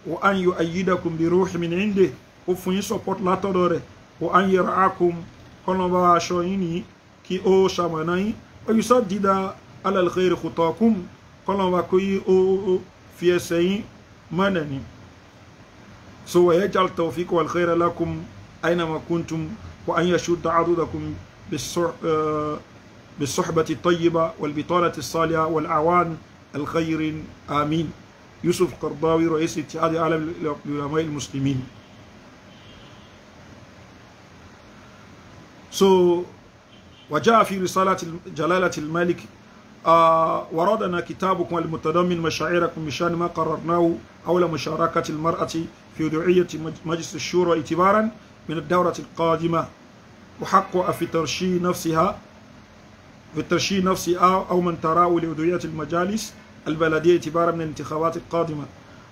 wa an yu'ayyidakum bi ruhi min inde ó fún yín support látọ̀dọ̀ rẹ̀ wa an yar'akum kọ́lọ́wọ́ bá aṣọ yín nìyí kí ó ṣamọ̀nà yín ó yìí sọ́ dídá ala al kọ́lọ́wọ́ bá kó yín ó fi ẹsẹ̀ yín mọ́nà ni so wa yaj'al tawfiq wal khayra lakum aynama kuntum wa an yashudda 'adudakum bis-sur' eh, بالصحبة الطيبة والبطانة الصالحة والأعوان الخير آمين يوسف قرضاوي رئيس اتحاد العالم للعلماء المسلمين So, وجاء في رسالة جلالة الملك آه وردنا كتابكم المتضمن مشاعركم بشان ما قررناه حول مشاركة المرأة في دعية مجلس الشورى اعتبارا من الدورة القادمة وحقها في ترشيد نفسها بالترشيد نفسي أو من تراه لعضوية المجالس البلدية اعتبارا من الانتخابات القادمة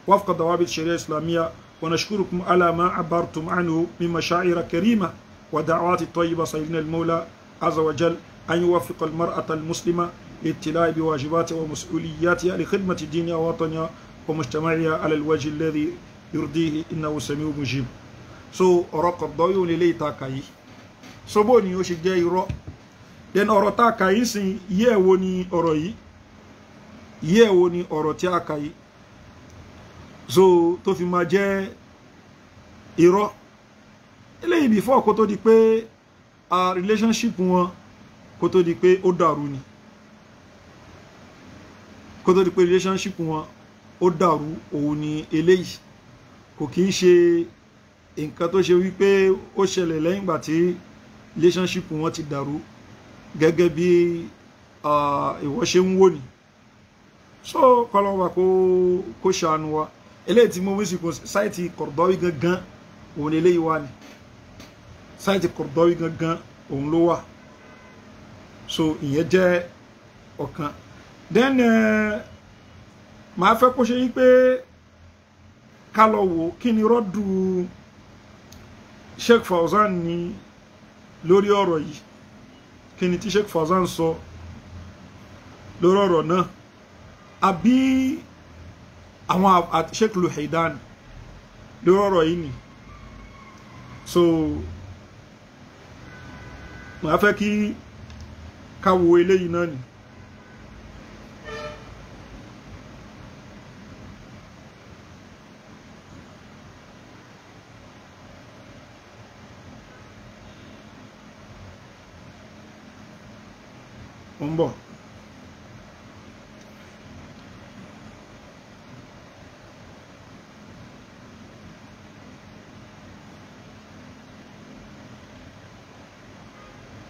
وفق ضوابط الشريعة الإسلامية ونشكركم على ما عبرتم عنه من مشاعر كريمة ودعوات طيبة سيدنا المولى عز وجل أن يوفق المرأة المسلمة للابتلاء بواجباتها ومسؤولياتها لخدمة دينها ووطنها ومجتمعها على الوجه الذي يرضيه إنه سميع مجيب. So ọ̀rọ̀ kọ̀dọ́ yóò lélẹ́yìí ta kàyí. Sọ́bọ̀ ni ó then ọ̀rọ̀ tá a kà yìí sìn yí ẹ̀ wo ni ọ̀rọ̀ yìí yí ẹ̀ wo ni ọ̀rọ̀ tí a kà yìí so tó fi máa jẹ́ irọ́ eléyìí before kó tó di pé a relationship wọn kó tó di pé ó dàrú ni kó tó di pé relationship wọn ó dàrú òun ni eléyìí kò kí ń ṣe nǹkan tó ṣe wípé ó ṣẹlẹ̀ lẹ́yìn ìgbà tí relationship wọn ti dàrú gẹ́gẹ́ bí ìwọ ṣe ń wò ní so kọlọ́wà kó ṣàánú wa eléyìí tí mo wí sí kò sáìtì Qaradawi gangan òun eléyìí wà ní sáìtì Qaradawi gangan òun ló wà so ìyẹn jẹ́ ọ̀kan then màá fẹ́ kó ṣe yí pé ká lọ wò kí ni rọ́dù Sheikh Fawzan ní lórí ọ̀rọ̀ yìí kí ni tí Sheikh Fawzan sọ lórí ọ̀rọ̀ náà àbí àwọn Sheikh Luhaidan lórí ọ̀rọ̀ yìí ni so màá fẹ́ kí ká wo eléyìí náà ni. ń bọ̀.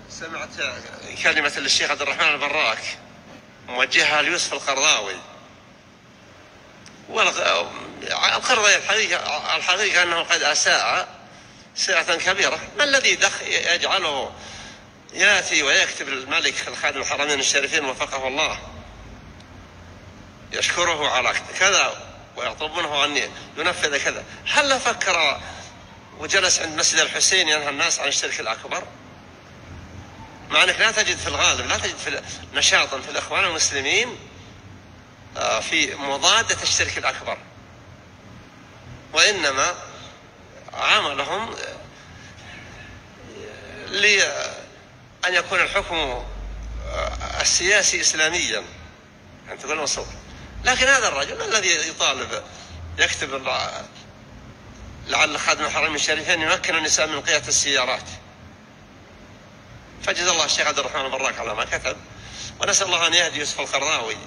سمعت كلمة للشيخ عبد الرحمن البراك موجهها ليوسف القرضاوي والقرضاوي الحقيقة الحقيقة أنه قد أساء سعة كبيرة ما الذي يجعله ياتي ويكتب الملك الخادم الحرمين الشريفين وفقه الله يشكره على كذا ويطلب منه ان ينفذ كذا هل فكر وجلس عند مسجد الحسين ينهى الناس عن الشرك الاكبر مع انك لا تجد في الغالب لا تجد في نشاطا في الاخوان المسلمين آه، في مضاده الشرك الاكبر وانما عملهم آه، لي أن يكون الحكم آه، السياسي إسلاميا يعني تقول منصوب لكن هذا الرجل الذي يطالب يكتب لعل خادم الحرمين الشريفين يمكن النساء من قيادة السيارات فجزا الله الشيخ عبد الرحمن براك على ما كتب ونسأل الله أن يهدي يوسف القرناوي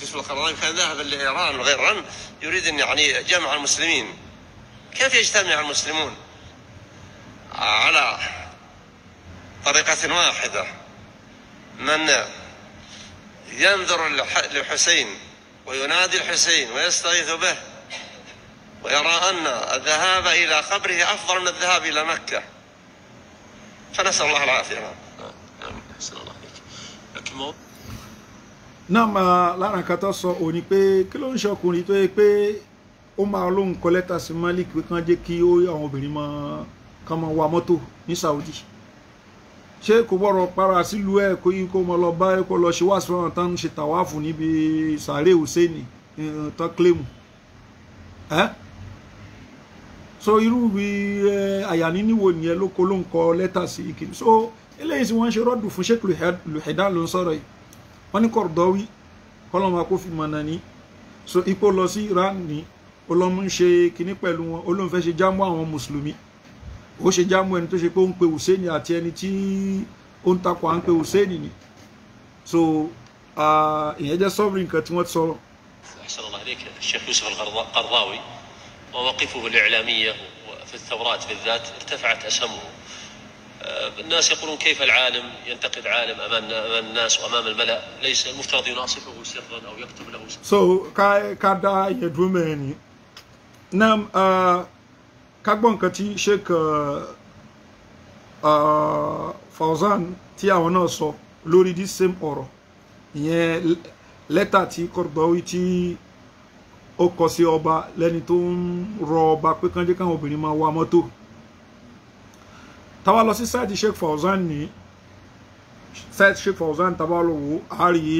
يوسف القرناوي كان ذاهبا لإيران وغير يريد أن يعني جمع المسلمين كيف يجتمع المسلمون على طريقة واحدة من ينظر لحسين وينادي الحسين ويستغيث به ويرى أن الذهاب إلى قبره أفضل من الذهاب إلى مكة فنسأل الله العافية نعم نعم lára nǹkan tó sọ ò ní pé kí بي او ṣe ọkùnrin tó yẹ pé ó máa lóun kọ lẹ́tà sí kán mọ wa mọ́tò ní Saudi ṣé kò gbọ́dọ̀ para sílùú ẹ̀ kó yí kó mọ lọ bá kó lọ ṣe wàásù náà tán ń ṣe tàwáàfù níbi sàárè Hùsẹ́ẹ̀nì eh, tán kílèmù ẹ́ so irú bí eh, àyàníníwò nìyẹn ló kó ló ń kọ lẹ́tà sí kìnnì so eléyìí tí wọ́n ṣe rọ́dù fún Sheikh Luhedan ló ń sọ̀rọ̀ yìí wọ́n ní Kordawi kọ́lọ́mà kó fi mọ̀nà ní so ipò lọ sí Iran ní olómú ń ṣe kìnnì pẹ̀lú wọn olóhùn fẹ́ ṣe jámọ́ àwọn mùsùlùmí ó ṣe jámù en tó ṣe pé ó npe pe hussein àti ẹni tí ó nta takò à ń pe hussein ni so ìyẹn ah, jẹ́ sovereign kan tí wọ́n ti sọ̀rọ̀. أحسن الله إليك الشيخ يوسف القرضاوي مواقفه الإعلامية في الثورات بالذات ارتفعت أسهمه آه، الناس يقولون كيف العالم ينتقد عالم امام الناس وامام الملا ليس المفترض يناصفه سرا او يكتب له سرا. So كادا يدومني نعم ká gbọ́ nǹkan tí sheikh uh, uh, Fawzan tí àwọn náà sọ lórí this same ọ̀rọ̀ ìyẹn lẹ́tà tí Qaradawi tí ó kọ sí ọba lẹ́ni tó ń rọ ọba pé kánjẹ́ káwọn obìnrin máa wa mọ́tò táwa lọ sí sáìtì sheikh Fawzan ní sáìtì sheikh Fawzan tábà lọ wò á rí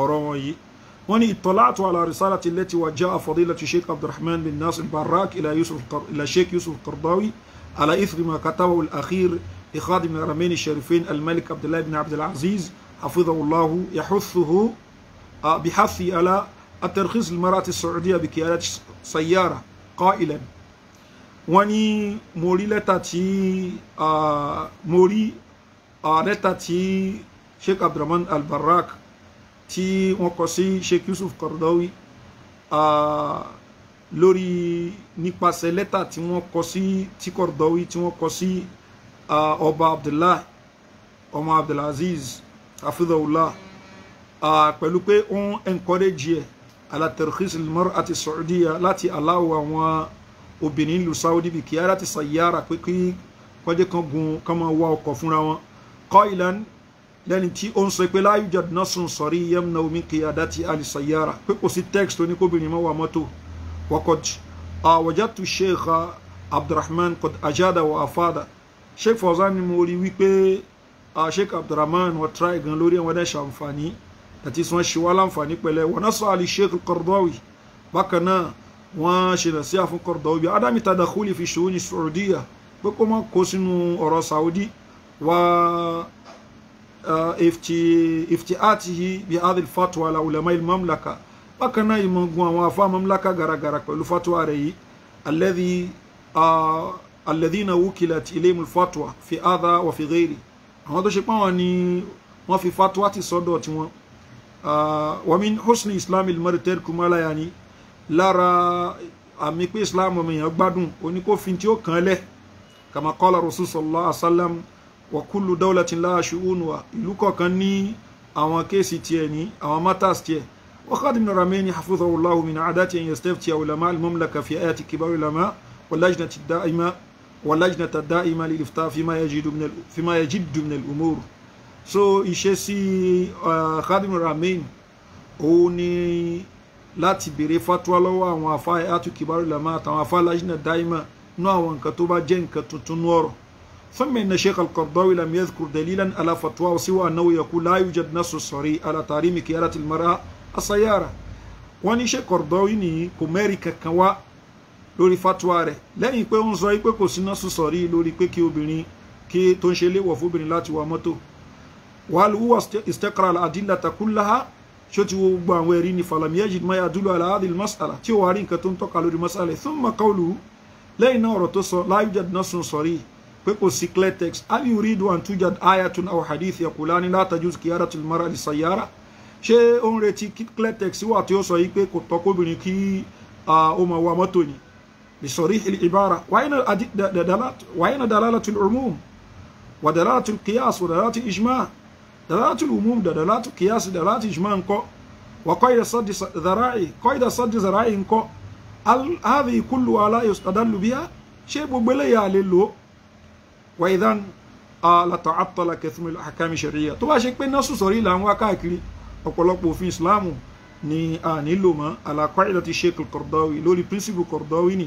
ọ̀rọ̀ wọn yìí وني اطلعت على رسالة التي وجاء فضيلة الشيخ عبد الرحمن بن ناصر البراك إلى يوسف القر... إلى الشيخ يوسف القرضاوي على إثر ما كتبه الأخير لخادم الحرمين الشريفين الملك عبد الله بن عبد العزيز حفظه الله يحثه آه، بحثي على الترخيص للمرأة السعودية بقيادة سيارة قائلا وني موري لتاتي آه، موري لتاتي آه، شيخ عبد الرحمن البراك tí wọ́n kọ sí Sheikh Yusuf Qaradawi lórí nípasẹ̀ lẹ́tà tí wọ́n kọ sí tí Qaradawi tí wọ́n kọ sí ọba Abdullahi ọmọ Abdulaziz afidawula pẹ̀lú pé ó ń encourage ẹ̀ ala tarkhis al-mar'ati saudiya láti aláwọ̀ àwọn obìnrin ìlú Saudi bí kíyàrá sàyára pé kí kọjá kan gun kọ́mọ wa ọkọ̀ fúnra wọn qailan lẹ́ni tí ó ń sọ pé láyé jẹ́ nọ́sùn sọ̀rí yẹ́m náà omi kìí adá ti alìsàyára pé kò sí text oníkóbìnrin mọ́ wa mọ́tò wọ́kọ̀j àwọ̀já tu sheikh abdulrahman kod ajada wa afada sheikh fawzan ni mo rí wípé sheikh abdulrahman wọ́n try gan lórí wọn dẹ́ ṣàǹfààní àti sùn ṣe wá láǹfààní pẹ̀lẹ́ wọ́n náà sọ àlì sheikh Qaradawi bákan náà wọ́n ṣe nà sí àfún Qaradawi Uh, iftiatihi bi hadhi alfatwa la ulama almamlaka bákan náà ìmọ̀ gun àwọn afá mamlaka garagara pẹ̀lú fatwa rẹ̀ yìí alladhi uh, alladhina wukilat ilayhim alfatwa fi hadha wa fi ghairi àwọn tó ṣe pé wọn ni wọn fi fatwa ti sọ́dọ̀ tiwọn uh, wa min husni islam almari tarku ma la yani lára àmì pé islam ọmọ èèyàn gbádùn oníkófin tí ó kàn án lẹ̀ kama qala rasul sallallahu alaihi wa wàkúlù dawlatin láha shu'unuha ìlú kọ̀ọ̀kan ní àwọn kéèsì tiẹ̀ ní àwọn matters tiẹ̀ وخادم الرميني حفظه الله من عاداته أن يستفتي علماء المملكة في آيات كبار العلماء واللجنة الدائمة واللجنة الدائمة للإفتاء فيما يجد من فيما يجد من الأمور so ìṣesí uh, Khadim Ramin òun ni láti béèrè fatwa lọ́wọ́ àwọn afá ẹ̀ àtúkìbárò làmá àtàwọn afá lajina daima nú àwọn nǹkan tó bá jẹ́ nǹkan tuntun nú ثم إن الشيخ القرضاوي لم يذكر دليلا على فتواه سوى أنه يقول لا يوجد نص صريح على تحريم كيارة المرأة السيارة wọ́n ní Sheikh Qardawi ní kò mẹ́rin kankan wá lórí fatwa rẹ̀ lẹ́yìn pé ó ń sọ pé kò sí nọ́ọ̀sù sọ̀rí lórí pé kí obìnrin kí tó ń ṣe léwọ̀ fóbìnrin láti wa mọ́tò wal huwa istakra al-adillata kullaha ṣó ti wo gbogbo àwọn ẹ̀rí ni falam yajid ma yadullu ala hadhihi al-mas'ala tí ó wà rí nǹkan tó ń tọ́ka lórí mas'ala thumma qawluhu lẹ́yìn náà ọ̀rọ̀ tó sọ la yujad nọ́ọ̀sù sọ̀rí pé kò sí clear text hal yuridu an tujad ayatun aw hadith yaqulani la tajuz qiyadatu al-mar'a li sayyara ṣé ó ń retí clear text wà tí ó sọ yìí pé kò tọ́ kóbìnrin kí ó wa mọ́tò ni bi sarih al dalalatu al wa dalalatu al wa dalalatu al dalalatu al da dalalatu qiyas dalalatu ijma ńkọ́ wa qaida sadd dhara'i qaida sadd dhara'i ńkọ́ هذه كلها لا يستدل بها ṣé gbogbo eléyà lè lò ó wẹ́ẹ́dán alatọ̀ aptọ́lá kẹfìmí àkàmì ṣẹ̀ríyà tó bá ṣe pé násù sọ̀rí là ń wá káàkiri ọ̀pọ̀lọpọ̀ òfin ìsìláàmù ni a nílò mọ́ alákọ̀ọ́dà ti sheik Qardawi lórí prínsípù Qardawi ni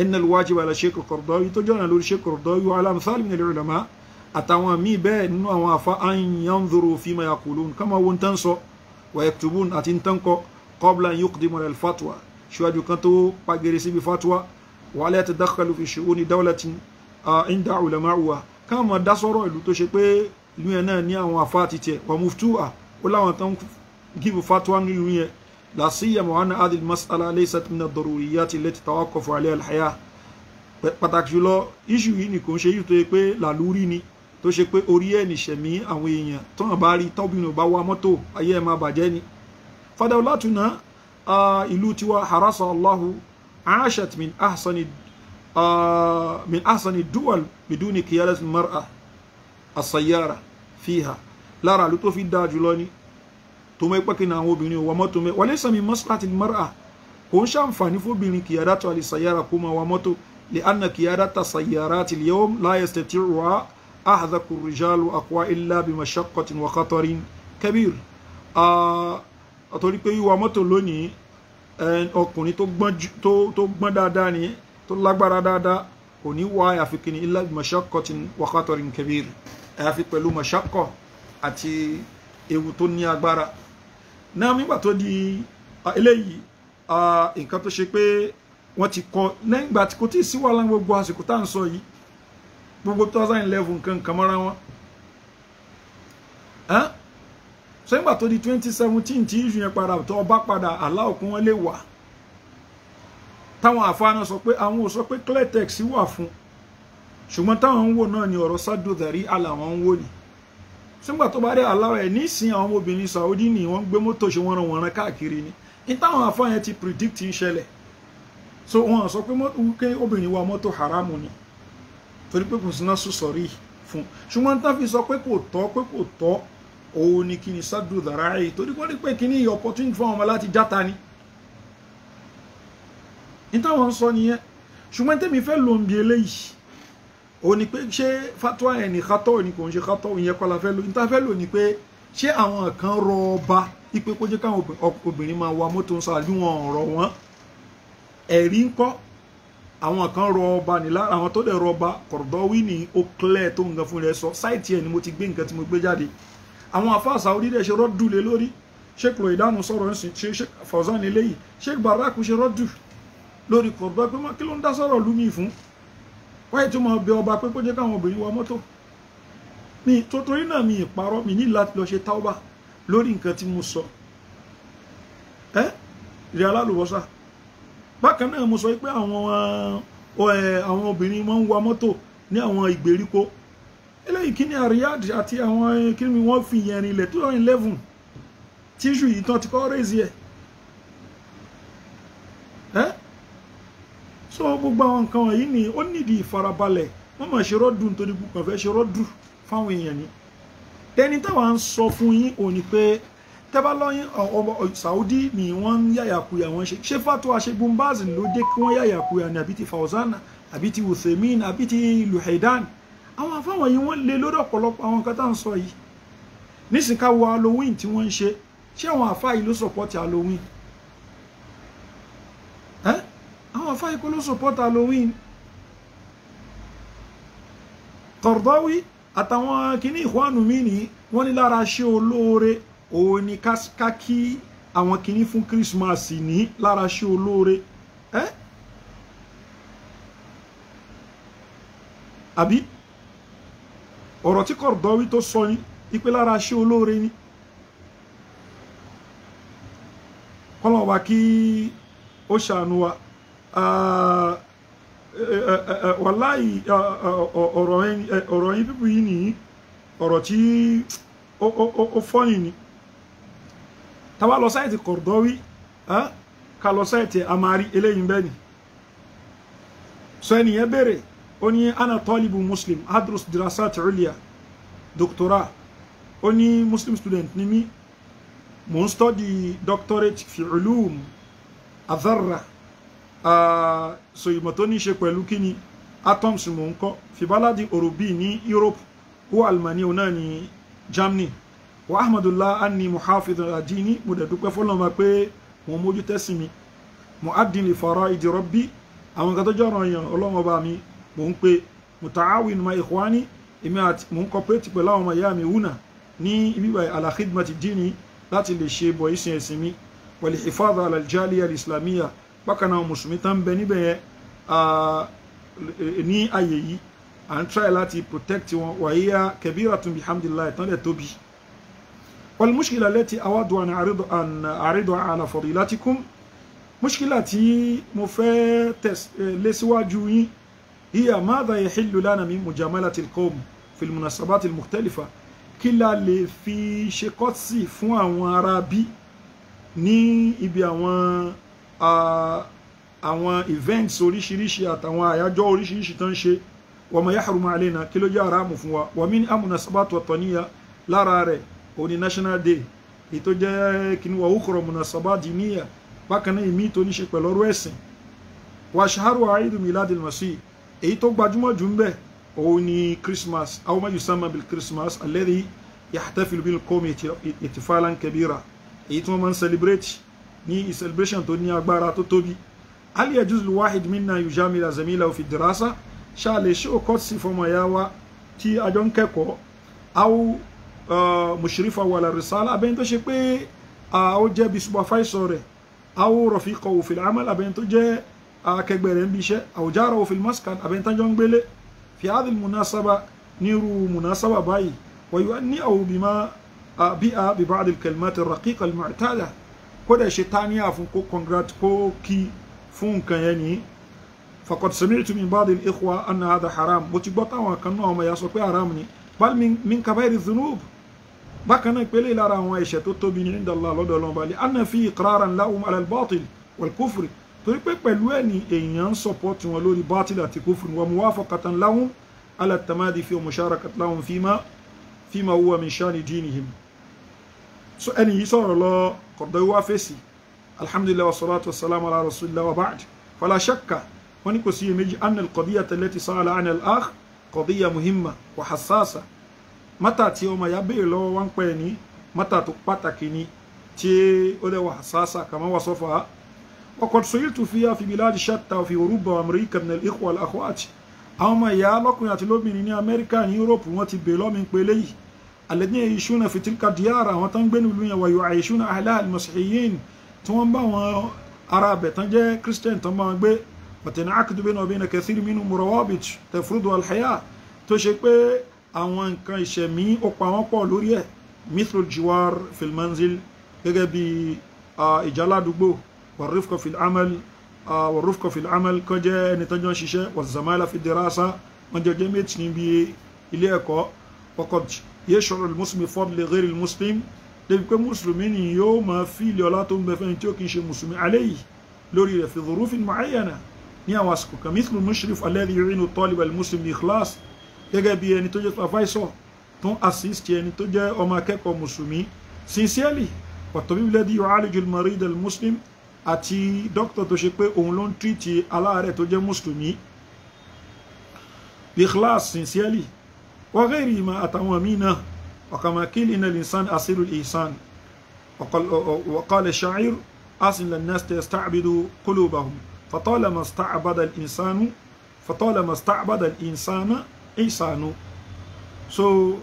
ẹnẹl wájibu ala sheik Qardawi tó jọ́nà lórí sheik Qardawi wa alamthali min al-ulama àtàwọn míì bẹ́ẹ̀ nínú àwọn afa an yanzuru fima yaqulun kama wọn tán sọ wa yaktubun àti tán kọ qabla an yuqdimu fatwa ṣíwájú kan tó pagere síbi fatwa wa la yatadakhalu fi shu'uni dawlatin inda ulama wa káwọn máa dá sọ́rọ̀ ìlú tó ṣe pé ìlú yẹn náà ní àwọn afá àti tiẹ̀ wà muftua ó láwọn tán gíbu fatwa ní ìlú yẹn la siyama wa anna hadhihi al-mas'ala laysat min ad-daruriyyati allati tawaqqafa 'alayha al-hayah pàtàkì jùlọ iṣu yìí ni kò ń ṣe yìí tó yẹ pé làlúrí ni tó ṣe pé orí ẹ̀ nìṣẹ̀mí àwọn èèyàn tán bá rí tọ́bìnrin ò bá wa mọ́tò ayé ẹ̀ máa bàjẹ́ ni fadalatuna ìlú tiwa harasa allahu aashat min ahsani من أحسن الدول بدون قيادة المرأة السيارة فيها لا رأى لطو في الدار الداجلوني ثم يبقى نعو بني وما ثم وليس من مصلحة المرأة كون شام فانفو بني قيادة السيارة كما ومتو لأن قيادة السيارات اليوم لا يستطيعها أحذك الرجال وأقوى إلا بمشقة وخطر كبير أتولي كي ومتو لوني ọkùnrin tó gbọ́n dáadáa ni tó lágbára dáadáa kò ní wá àyàfi kìíní ilá mashaqatin wa khatarin kabir àyàfi pẹ̀lú mashaqqa àti ewu tó ní agbára náà nígbà tó di eléyìí nǹkan tó ṣe pé wọ́n ti kọ́ lẹ́yìn ìgbà tí kò tí ì sí wàhálà gbogbo àsìkò tá à ń sọ yìí gbogbo 2011 nǹkan kan mọ́ra wọn sẹ́yìn ìgbà tó di 2017 tí ìjù padà tó ọba padà aláòkú wọn lè wà táwọn àfáàná sọ pé àwọn ò sọ pé clear text wà fún ṣùgbọ́n táwọn ń wò náà ni ọ̀rọ̀ sádùdàrí aláwọn ń wò ní sígbà tó bá rí aláwọ̀ ẹ̀ nísìn àwọn obìnrin Saudi ni wọ́n gbé mọ́tò ṣe wọ́n ran wọ́n ran káàkiri ni ní táwọn àfáàyàn ti predict ń so wọn sọ pé obìnrin wa mọ́tò haramu ni torí pé kò sí náà sọ̀rí fún ṣùgbọ́n tá fi sọ pé kò tọ́ pé kò tọ́ òun ni kí ni sádùdàrá yìí torí wọ́n rí pé kí ni opportunity fún ọmọ láti dáta ni nítawọn sọ nìyẹn ṣùgbọ́n tẹ́mi fẹ́ lò ń eléyìí ò pé ṣé fatwa ẹ̀ ní kátọ́ ni kò ń ṣe kátọ́ ìyẹn kọ́ la fẹ́ lò níta fẹ́ lò ní pé ṣé àwọn kan rọ ọba ipe kó jẹ́ káwọn obìnrin máa wa mọ́tò ń sọ àbí wọn ọ̀rọ̀ wọn ẹ̀rí ń kọ́ àwọn kan rọ ọba ní lára àwọn tó dẹ̀ rọ ọba kọ̀dọ̀wí ní ó clear tó nǹkan fún rẹ sọ sáìtì ẹ̀ ni mo ti gbé nǹkan tí mo gbé jáde àwọn afáàsà orílẹ̀ ṣe rọ́dù lé lórí ṣé kùrọ̀ ìdáhùn sọ̀rọ̀ ń sìn ṣe fọ̀zán nílé yìí ṣé bàrákù ṣe rọ́dù lórí kọ̀ọ̀bọ pé kí ló ń dá sọ̀rọ̀ lúmi fún wáyé tí mo bẹ ọba pé kó jẹ́ káwọn obìnrin wa mọ́tò mi torí náà mi ìparọ́ mi ní láti lọ ṣe táwọ́bà lórí nǹkan tí mo sọ ẹ́ ìrẹ́ alálùbọ́sà bákan náà mo sọ pé àwọn obìnrin wọn ń wa mọ́tò ní àwọn ìgbèríko eléyìí kí ni àríyáàdì àti àwọn kí ni wọ́n fi yẹn rinlẹ̀ two thousand eleven tíṣù yìí tán ti kọ́ rèézi ẹ̀ ẹ́ so gbogbo àwọn nǹkan wọ̀nyí ni ó nídìí ìfarabalẹ̀ wọ́n mọ̀ ṣe rọ́dùn nítorí gbogbo àfẹ́ ṣe rọ́dùn fáwọn èèyàn ni tẹni táwa ń sọ fún yín òní pé tẹ́bálọ́yìn ọmọ Saudi ni wọ́n ń yàyàkuyà wọ́n ṣe ṣé fatwa ṣe gbombazin ló dé kí wọ́n yàyàkuyà ní àbí ti Fawzana àbí ti Uthemin àbí ti Luhaidan àwọn afáwọn yìí wọ́n lé lórí ọ̀pọ̀lọpọ̀ àwọn nǹkan tá à ń sọ yìí nísìnyí ká Halloween tí wọ́n ń ṣe ṣé àwọn àfáà yìí ló sọ̀pọ̀ ti Halloween Ifáyípo ló support Halloween Qardawi àtàwọn kìíní ìhwanu mi ni wọ́n ní lára ṣe olóore òun ni ká kí àwọn kìíní fún Christmas ní lára ṣe olóore ẹ́ àbí ọ̀rọ̀ tí Qardawi tó sọ ni ipe lára ṣe olóore ni kọ́lọ̀ wa kí ó ṣàánú wa wàláì uh, uh, uh, ọ̀rọ̀ yín eh, pípù yìí nìyí ọ̀rọ̀ tí ó fọ́yìn ni tá bá lọ sáìtì Kordowi eh, ká lọ sáìtì amari eléyìí bẹ́ẹ̀ ni sọ ẹnìyẹn béèrè ó ní ana talibu muslim adrus dirasat ulia doctora ó ní muslim student ni mí mò ń study doctorate fi ulum adharra Ah, so ìmọ̀ tó ní ṣe pẹ̀lú kíni atoms mò ń kọ́ fibaladi orobi ní Europe ó almani òun náà ní Germany wa ahmadullah anni muhafidun adini mo dẹ̀ dúpẹ́ fọlọ́mà pé mo mójú tẹ́sìn mi mo adìlì fara ìdí rọ́bí àwọn nǹkan tó jọ̀rọ̀ yàn ọlọ́run ọba mi mò ń pe muta'awin ma ikhwani èmi àti mò ń kọ́pẹ́tì pẹ̀lú àwọn ọmọ ìyá mi wúnà ní ibíbà alahidmati dini láti lè ṣe bọ̀ ìsìn ẹ̀sìn mi wal hifadha ala al bákan náà mùsùlùmí tán ń bẹ níbẹ̀ yẹn ní ààyè yìí à ń try láti protect wọn wàyíyá kẹbíra tún bihamdulilayi tán lè tóbi والمشكلة التي أود أن أعرض أن أعرض على فضيلتكم مشكلة مفتس لسواجوي هي ماذا يحل لنا من مجاملة القوم في المناسبات المختلفة كلا اللي في شقصي فوا ورابي ní ibi àwọn àwọn events oríṣiríṣi àtàwọn àyájọ́ oríṣiríṣi tó ń ṣe wọ́n mọ̀ yáhùrùmọ́ alẹ́ náà kí ló jẹ́ àràmù fún wa wọ́n mí ní amúnà sábàtọ̀ tọ̀ níyà lára rẹ̀ òní national day ètò jẹ́ kíní wà ókùrọ̀ mùnà sábàdì níyà bákan náà ìmí tó ní ṣe pẹ̀lú ọrọ̀ ẹ̀sìn wà ṣàhárò àìdù miladil masih èyí tó gbajúmọ̀ jù ń bẹ̀ òun ni christmas aw ma bil christmas alladhi yahtafilu bil qawmi ittifalan kabira èyí tí wọ́n máa ń celebrate ní celebration tó ní agbára tó tóbi ali ajuzlu wahid minna yujamila zamila fi dirasa ṣá lè ṣe òkọ́ sí fọmọ ya wa tí a jọ ń kẹ́kọ̀ọ́ aw mushrifa wala risala abẹ́ni tó ṣe pé ó jẹ́ bí supervisor rẹ̀ aw rafiqahu fil amal abẹ́ni tó jẹ́ akẹgbẹ́ rẹ̀ ń bí iṣẹ́ aw jarahu fil abẹ́ni tó ń gbélé fi hadhihi munasaba nírú munasaba báyìí wa yu'anni'uhu bima bi'a bi ba'd al-kalimat ar-raqiqa al-mu'tada kó dẹ̀ ṣe táníà fún kó congrat kó kí fún nǹkan yẹn ní faqad sami'tu min ba'di al-ikhwa anna hadha haram mo ti gbọ́ táwọn kan náà ọmọ ya sọ pé haram ni bal min kabairi dhunub bákan náà pélé lára àwọn ẹ̀ṣẹ̀ tó tóbi ní inda Allah lọ́dọ̀ ọlọ́run balẹ̀ anna fi iqraran lahum ala al-batil wal torí pé pẹ̀lú ẹ̀ ní èèyàn ń sọ̀pọ̀tì wọn lórí batil àti kufri wa muwafaqatan lahum ala at-tamadi fi musharakat lahum fima fima huwa min shani dinihim so ẹni yìí sọ̀rọ̀ lọ́ọ́ kọ̀dọ̀ wá fèsì alhamdulilayi wa salatu wa salamu ala rasulillah wa ba'd fala shakka wọn ni kò sí iyèméjì anna alqadiya tẹlẹti sa'ala anna al-akh qadiya muhimma wa hassasa mata tí ọmọ ya béèrè lọ́wọ́ wọn pẹ́ ní mata tó pàtàkì ni tí ó dẹ̀ wà hassasa kàmá wà sọ́fà وقد سئلت فيها في بلاد شتى وفي أوروبا وأمريكا من الإخوة والأخوات àwọn ọmọ ìyá lọ́kùnrin àti lóbìnrin ní amẹ́ríkà ní yúróòpù wọ́n ti bèè lọ́mi pé léyìí alladhina ya'ishuna fi tilka diyar àwọn tó ń gbé nílùú yẹn wa yu'ayishuna ahlaha al-masihiyin tí wọ́n bá wọn ara bẹ̀ tán jẹ́ christian tán bá wọn gbé watan'aqadu bayna wa bayna kathir minhum murawabit tafrudu al-haya tó ṣe pé àwọn nǹkan ìṣẹ̀mí ó pa wọ́n pọ̀ lórí ẹ̀ mithlu al-jiwar fil gẹ́gẹ́ bí ìjáládùgbò warrifqa fil amal ẹni tán jọ ń ṣiṣẹ́ fi dirasa wọ́n jọ jẹ́ méjì níbi ilé ẹ̀kọ́ waqad yash'uru al-muslimu fadli ghayri al-muslim débi pé mùsùlùmí ni yóò máa fíìlì ọlá tó ń bẹ fẹ́ni tí ó kì í ṣe mùsùlùmí alayhi lórí rẹ̀ fi dhurufin mu'ayyana ní àwọn àsìkò kan mithlu mushrif alladhi yu'inu talib al-muslim bi ikhlas gẹ́gẹ́ bí ẹni tó jẹ́ professor tó ń assist ẹni tó jẹ́ ọmọ akẹ́kọ̀ọ́ mùsùlùmí sincerely wat-tabib alladhi yu'aliju al-marid al-muslim àti dókítà tó ṣe pé òun ló ń tírìtì aláàárẹ̀ tó jẹ́ mùsùlùmí bi ikhlas sincerely wa ما àtàwọn míì náà ọ̀kàmà الإنسان أصير linsan وقال وقال الشاعر أصل الناس تستعبد قلوبهم فطالما استعبد الإنسان فطالما استعبد الإنسان إنسان so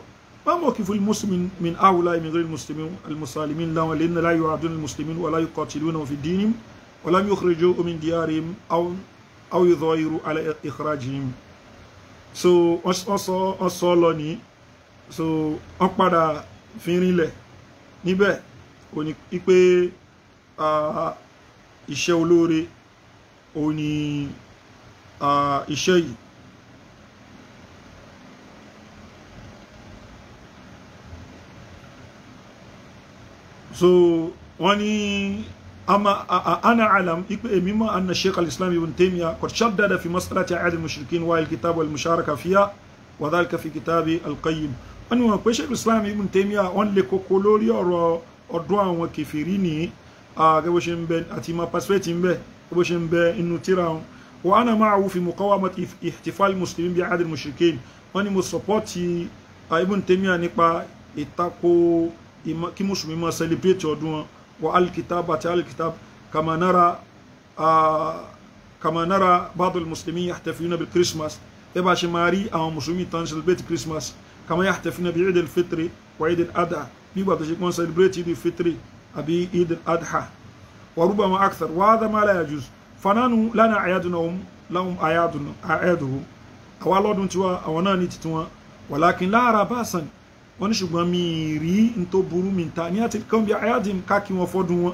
ما موقف المسلم من أولى من غير المسلمين المسالمين لا ولن لا يعادون المسلمين ولا يقاتلونهم في دينهم ولم يخرجوا من ديارهم أو أو يظاهروا على إخراجهم so wọ́n sọ wọ́n sọ lọ ní so wọ́n padà fi rinlẹ̀ níbẹ̀ ó ní pé iṣẹ́ olóore ó ní iṣẹ́ yìí so wọ́n ní ama ana alam ipe èmi e mọ̀ anna sheikh al-islam ibn taymiya qad shaddada fi mas'alati a'ad al-mushrikin wa al-kitab wal musharaka fiha wa dhalika fi kitab al-qayyim ani wọ́n pé sheikh al-islam ibn taymiya on lè koko lórí ọ̀rọ̀ ọ̀dọ̀ àwọn kèfèrí ni a gbo ṣe ńbẹ àti ma perspective ńbẹ gbo ṣe ńbẹ inú tírà wa ana ma'ahu fi muqawamat ihtifal muslimin bi a'ad al-mushrikin wọ́n mo support ibn taymiya nípa ìtakò kí muslimi má celebrate ọdún والكتاب وتعالى الكتاب كما نرى آه كما نرى بعض المسلمين يحتفلون بالكريسماس يبقى شماري أو مسلمين تنشل بيت كريسماس كما يحتفلون بعيد الفطر وعيد الأضحى بيبقى تشيكون سيلبريت عيد الفطر أبي عيد الأضحى وربما أكثر وهذا ما لا يجوز فنحن لنا أعيادنا لهم أعيادهم أو الله دون توا أو ناني ولكن لا أرى بأسا wọ́n ní ṣùgbọ́n mi rí n tó burú mi ta ní àti kan bí ayadim káàkiri wọn fọ́dún wọn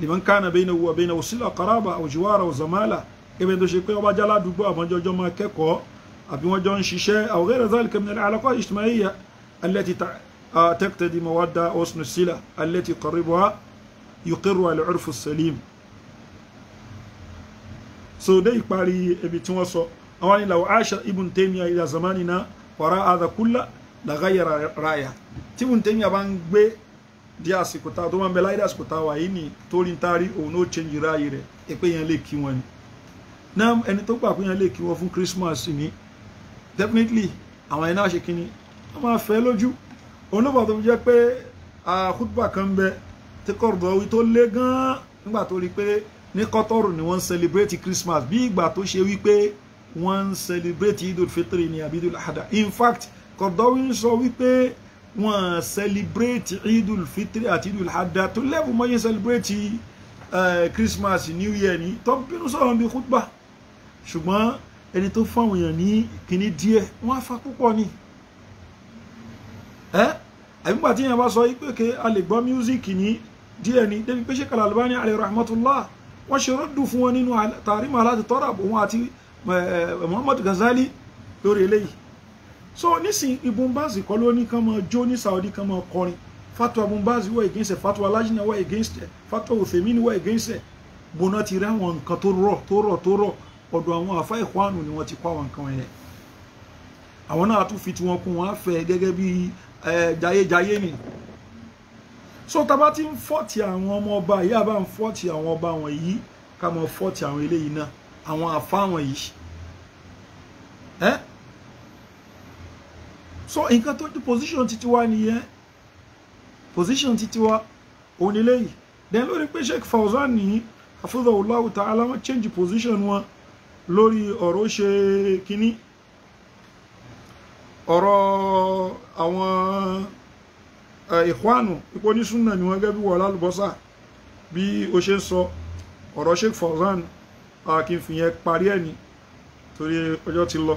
liman kana bainahu wa bainahu sila qaraba aw jiwara aw zamala ebe tó ṣe pé ọba jálá àdúgbò àbọ̀njọ́jọ́ máa kẹ́kọ̀ọ́ àbí wọ́n jọ ń ṣiṣẹ́ aw ghayra dhalika min al-alaqat al-ijtima'iyya allati taqtadi mawadda aw husn sila allati so dé ìparí ibi tí wọ́n sọ àwọn ni law 'asha ibn Taymiyyah zamanina wara hadha làgàyà ráyà tí Ibn Taymiyyah bá ń gbé di àsìkò tá tó máa ń bẹ láyé àsìkò tá wà yìí ni torí ń òun ó change ráyè rẹ̀ èpè yẹn lè kí wọn ni náà ẹni tó gbà pé yẹn lè kí wọn fún Christmas ni definitely àwọn ẹni náà ṣe kí ni wọ́n máa fẹ́ lójú òun ló bọ̀ tó jẹ́ pé àkútùbà kan ń bẹ tí Qaradawi tó lé gan-an nígbà tó rí pé ní kọ́tọ́rù ni wọ́n ń celebrate Christmas bí ìgbà tó ṣe wípé wọ́n ń celebrate Idul Fitri ni àbí Idul Adha in fact Qardawi ń sọ wípé wọ́n celebrate idul fitri àti idul hadda tó lẹ́bùn mọ́ yẹn celebrate Christmas New Year ní tó bínú sọ̀rọ̀ bí khutbah ṣùgbọ́n ẹni tó fáwọn èèyàn ní kíní díẹ̀ wọ́n á fa púpọ̀ ni ẹ́ àbígbà tí èèyàn bá sọ wípé ke a lè gbọ́ music ní díẹ̀ ni débi pé Sheikh Al-Albani alayhi rahmatullah wọ́n ṣe rọ́dù fún wọn nínú Tahrim Al-Hadith Tarab òun àti Muhammad Ghazali lórí eléyìí so nísìn Ibn Baz kọ́ ló ní kán máa jó ní Saudi kán máa kọrin fatwa Ibn Baz against ẹ fatwa Lajna were against ẹ fatwa Uthaymin were against ẹ gbóná ti rí àwọn nǹkan tó rọ̀ tó rọ̀ tó rọ̀ ọ̀dọ̀ àwọn àfa ìkwánu ni wọ́n ti kọ́ àwọn nǹkan yẹn àwọn náà tún fi tiwọn kún wọn á fẹ́ gẹ́gẹ́ bí jayéjayé ni so tá a bá ti ń fọ́ọ̀tì àwọn ọmọ ọba yìí àbá ń fọ́ọ̀tì àwọn ọba wọn yìí ká mọ fọ́ọ̀tì àwọn eléyìí náà àwọn àfa wọn yìí ẹ́ so nǹkan tó ti position ti tiwa nìyẹn position ti tiwa òun ni léyìí then lórí pé Sheikh Fawzan ní hafizahullahu ta'ala wọ́n change position wọn lórí ọ̀rọ̀ ṣe kínní ọ̀rọ̀ àwọn ìkwánu eh, ipò ní súnà ni wọ́n gẹ́ bí wọ́n lálùbọ́sà bí o ṣe ń sọ ọ̀rọ̀ Sheikh Fawzan kí n fi yẹn parí ẹ̀ ní torí ọjọ́ ti lọ.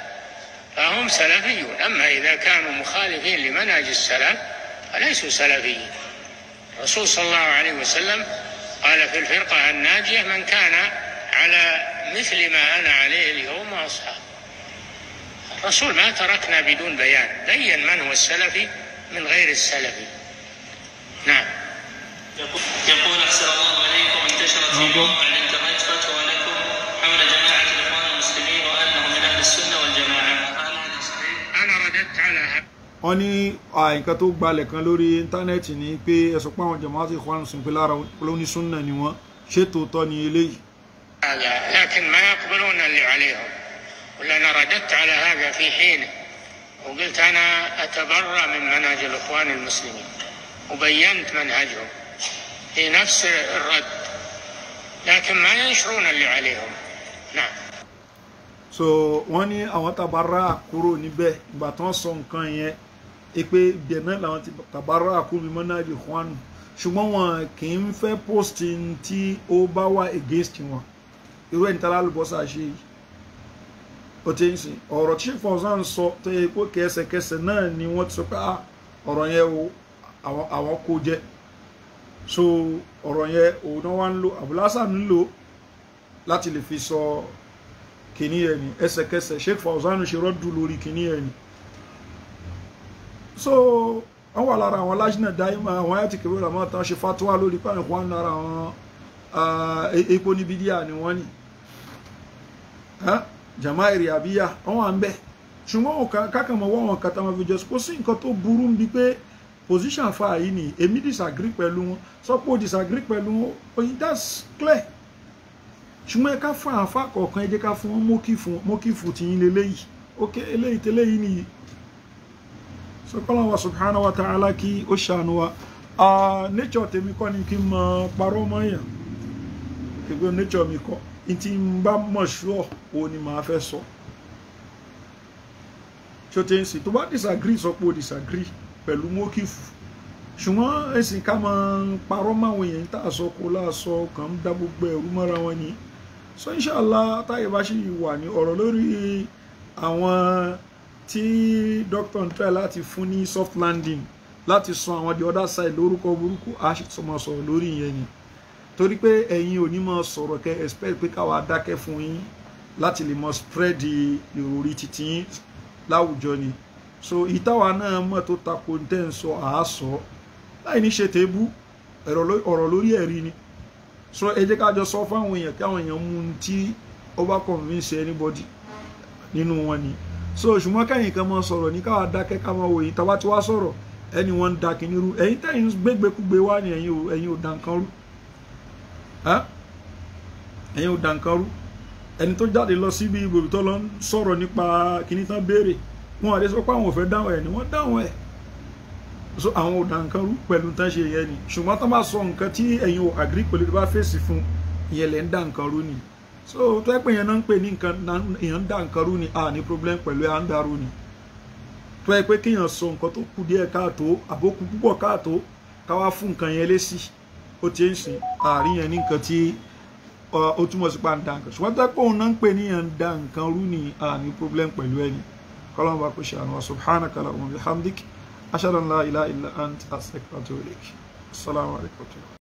فهم سلفيون أما إذا كانوا مخالفين لمنهج السلف فليسوا سلفيين الرسول صلى الله عليه وسلم قال في الفرقة الناجية من كان على مثل ما أنا عليه اليوم وأصحابي الرسول ما تركنا بدون بيان بين من هو السلفي من غير السلفي نعم يقول أحسن الله عليكم انتشرت في مواقع الإنترنت wọ́n ní nǹkan tó gbalẹ̀ kan lórí íńtánẹ́ẹ̀tì ni pé ẹ̀sùn pé àwọn jamaat Ikhwanul Muslimin pé lára olóníṣúnà ni wọ́n ṣé tòótọ́ ni eléyìí. لكن ما يقبلون اللي عليهم ولا انا رددت على هذا في حينه وقلت انا اتبرأ من منهج الاخوان المسلمين وبينت منهجهم في نفس الرد لكن ما ينشرون اللي عليهم نعم so wọ́n ní àwọn tabara kúrò níbẹ̀ ìgbà tí wọ́n sọ nǹkan yẹn pé ibẹ̀ náà làwọn tabara kúrò mímọ́ náà di juanu ṣùgbọ́n wọn kì í fẹ́ post tí ó bá wà against wọn irú ẹni tala alùbọ́sà ṣe yìí ó ti ń sìn ọ̀rọ̀ tí fọ́nsán sọ tó yẹ pé kẹsẹ̀kẹsẹ̀ náà ni wọ́n ti sọ pé ọ̀rọ̀ yẹn o àwọn kò jẹ́ so ọ̀rọ̀ yẹn òun náà wá ń lò àbúlásà ń lò láti lè fi sọ. So, kìíní yẹn ni ẹsẹ̀kẹsẹ̀ Sheikh Fawzan ṣe rọ́dù lórí kìíní yẹn ni so wọ́n wà lára àwọn lajna daima àwọn ayati kebira máa tán ṣe fatuwa lórí pàrọ̀ wọn lára àwọn epo níbi díà ni wọ́n ni jamairi abiya wọ́n wà ń bẹ̀ ṣùgbọ́n kákan mọ̀ wọ́n kàtà máa fi jẹ́ kó sí nǹkan tó burú ń pé position fa yìí ni èmi disagree pẹ̀lú wọn sọ o disagree pẹ̀lú wọn oyin that's clear ṣùgbọ́n ẹ ká fún àáfà kọ̀ọ̀kan ẹ jẹ́ ká fún wọn mókìfù tí yín leléyìí ok eléyìí tẹ́lẹ̀yìí nìyí sọpọ́lá wa subhanahu wa ta'ala kí ó ṣàánú wa nature tèmi kọ́ ni kí n mọ parọ́ mọ́ yàn ẹgbẹ́ nature mi kọ́ n tí n bá mọ̀ ṣúọ̀ ni màá fẹ́ sọ ṣó ti ń sìn tó bá disagree sọ o disagree pẹ̀lú mókìfù ṣùgbọ́n ẹ̀sìn ká máa parọ́ máwọn èèyàn tá a sọ kó láàsọ kàn ń dá gbogbo ẹ̀rú mọ́ra wọn nìyí so inshallah táyé bá ṣì wà ní ọ̀rọ̀ lórí àwọn tí doctor ń try láti fún ní soft landing láti sọ àwọn the other side lórúkọ burúkú a sì tún máa sọ̀rọ̀ lórí ìyẹn ni torí pé ẹ̀yin ò ní máa sọ̀rọ̀ kẹ́ expect pé káwa dákẹ́ fún yín láti lè mọ spread ìròrí títí láwùjọ ni so ìtawà náà mọ̀ tó tako ń ń sọ àásọ láì ní ṣe tèébú ọ̀rọ̀ lórí ẹ̀rí ni so ẹ jẹ́ ká jọ sọ fáwọn èèyàn kí àwọn èèyàn mú un tí ó bá convince anybody nínú wọn ni so ṣùgbọ́n kẹ́yìn kan máa sọ̀rọ̀ ní káwa dákẹ́ ká máa wòye tàbá tí wá sọ̀rọ̀ ẹni wọn ń da kìíní rú ẹ̀yin tẹ́yìn gbégbékúgbé wá ni ẹ̀yin ò dá nǹkan rú ẹ̀yin ò dá nǹkan rú ẹni tó jáde lọ síbi ibòbí tó lọ ń sọ̀rọ̀ nípa kìíní tán béèrè wọn àdé sọ pé àwọn ò fẹ́ dáhùn ẹ̀ ni wọ́n dáhùn ẹ̀ so àwọn ò dá nǹkan rú pẹ̀lú tán ṣe yẹn ni ṣùgbọ́n tán bá sọ nǹkan tí ẹ̀yin ò agree pẹ̀lú tó bá fèsì fún ìyẹn lẹ̀ ń dá nǹkan rú ni so tó ẹ pé yẹn náà ń pè ní nǹkan èèyàn ń dá nǹkan rú ni a ní problem pẹ̀lú à ń darú ni tó ẹ pé kéèyàn sọ nǹkan tó kù díẹ̀ káàtó àbókù púpọ̀ káàtó káwá fún nǹkan yẹn lésì ó ti ń sìn àárín yẹn ní nǹkan tí ó túmọ̀ sí pa ń da nǹkan ṣùgbọ́n tẹ́pọ̀ òun náà ń pè ní yẹn ń da nǹkan rú ni a ní problem pẹ̀lú ẹni kọ́lọ́mù bá kò ṣe àwọn subhanaka wa bihamdik أشهد أن لا إله إلا أنت أستغفرك وأتوب إليك السلام عليكم ورحمة الله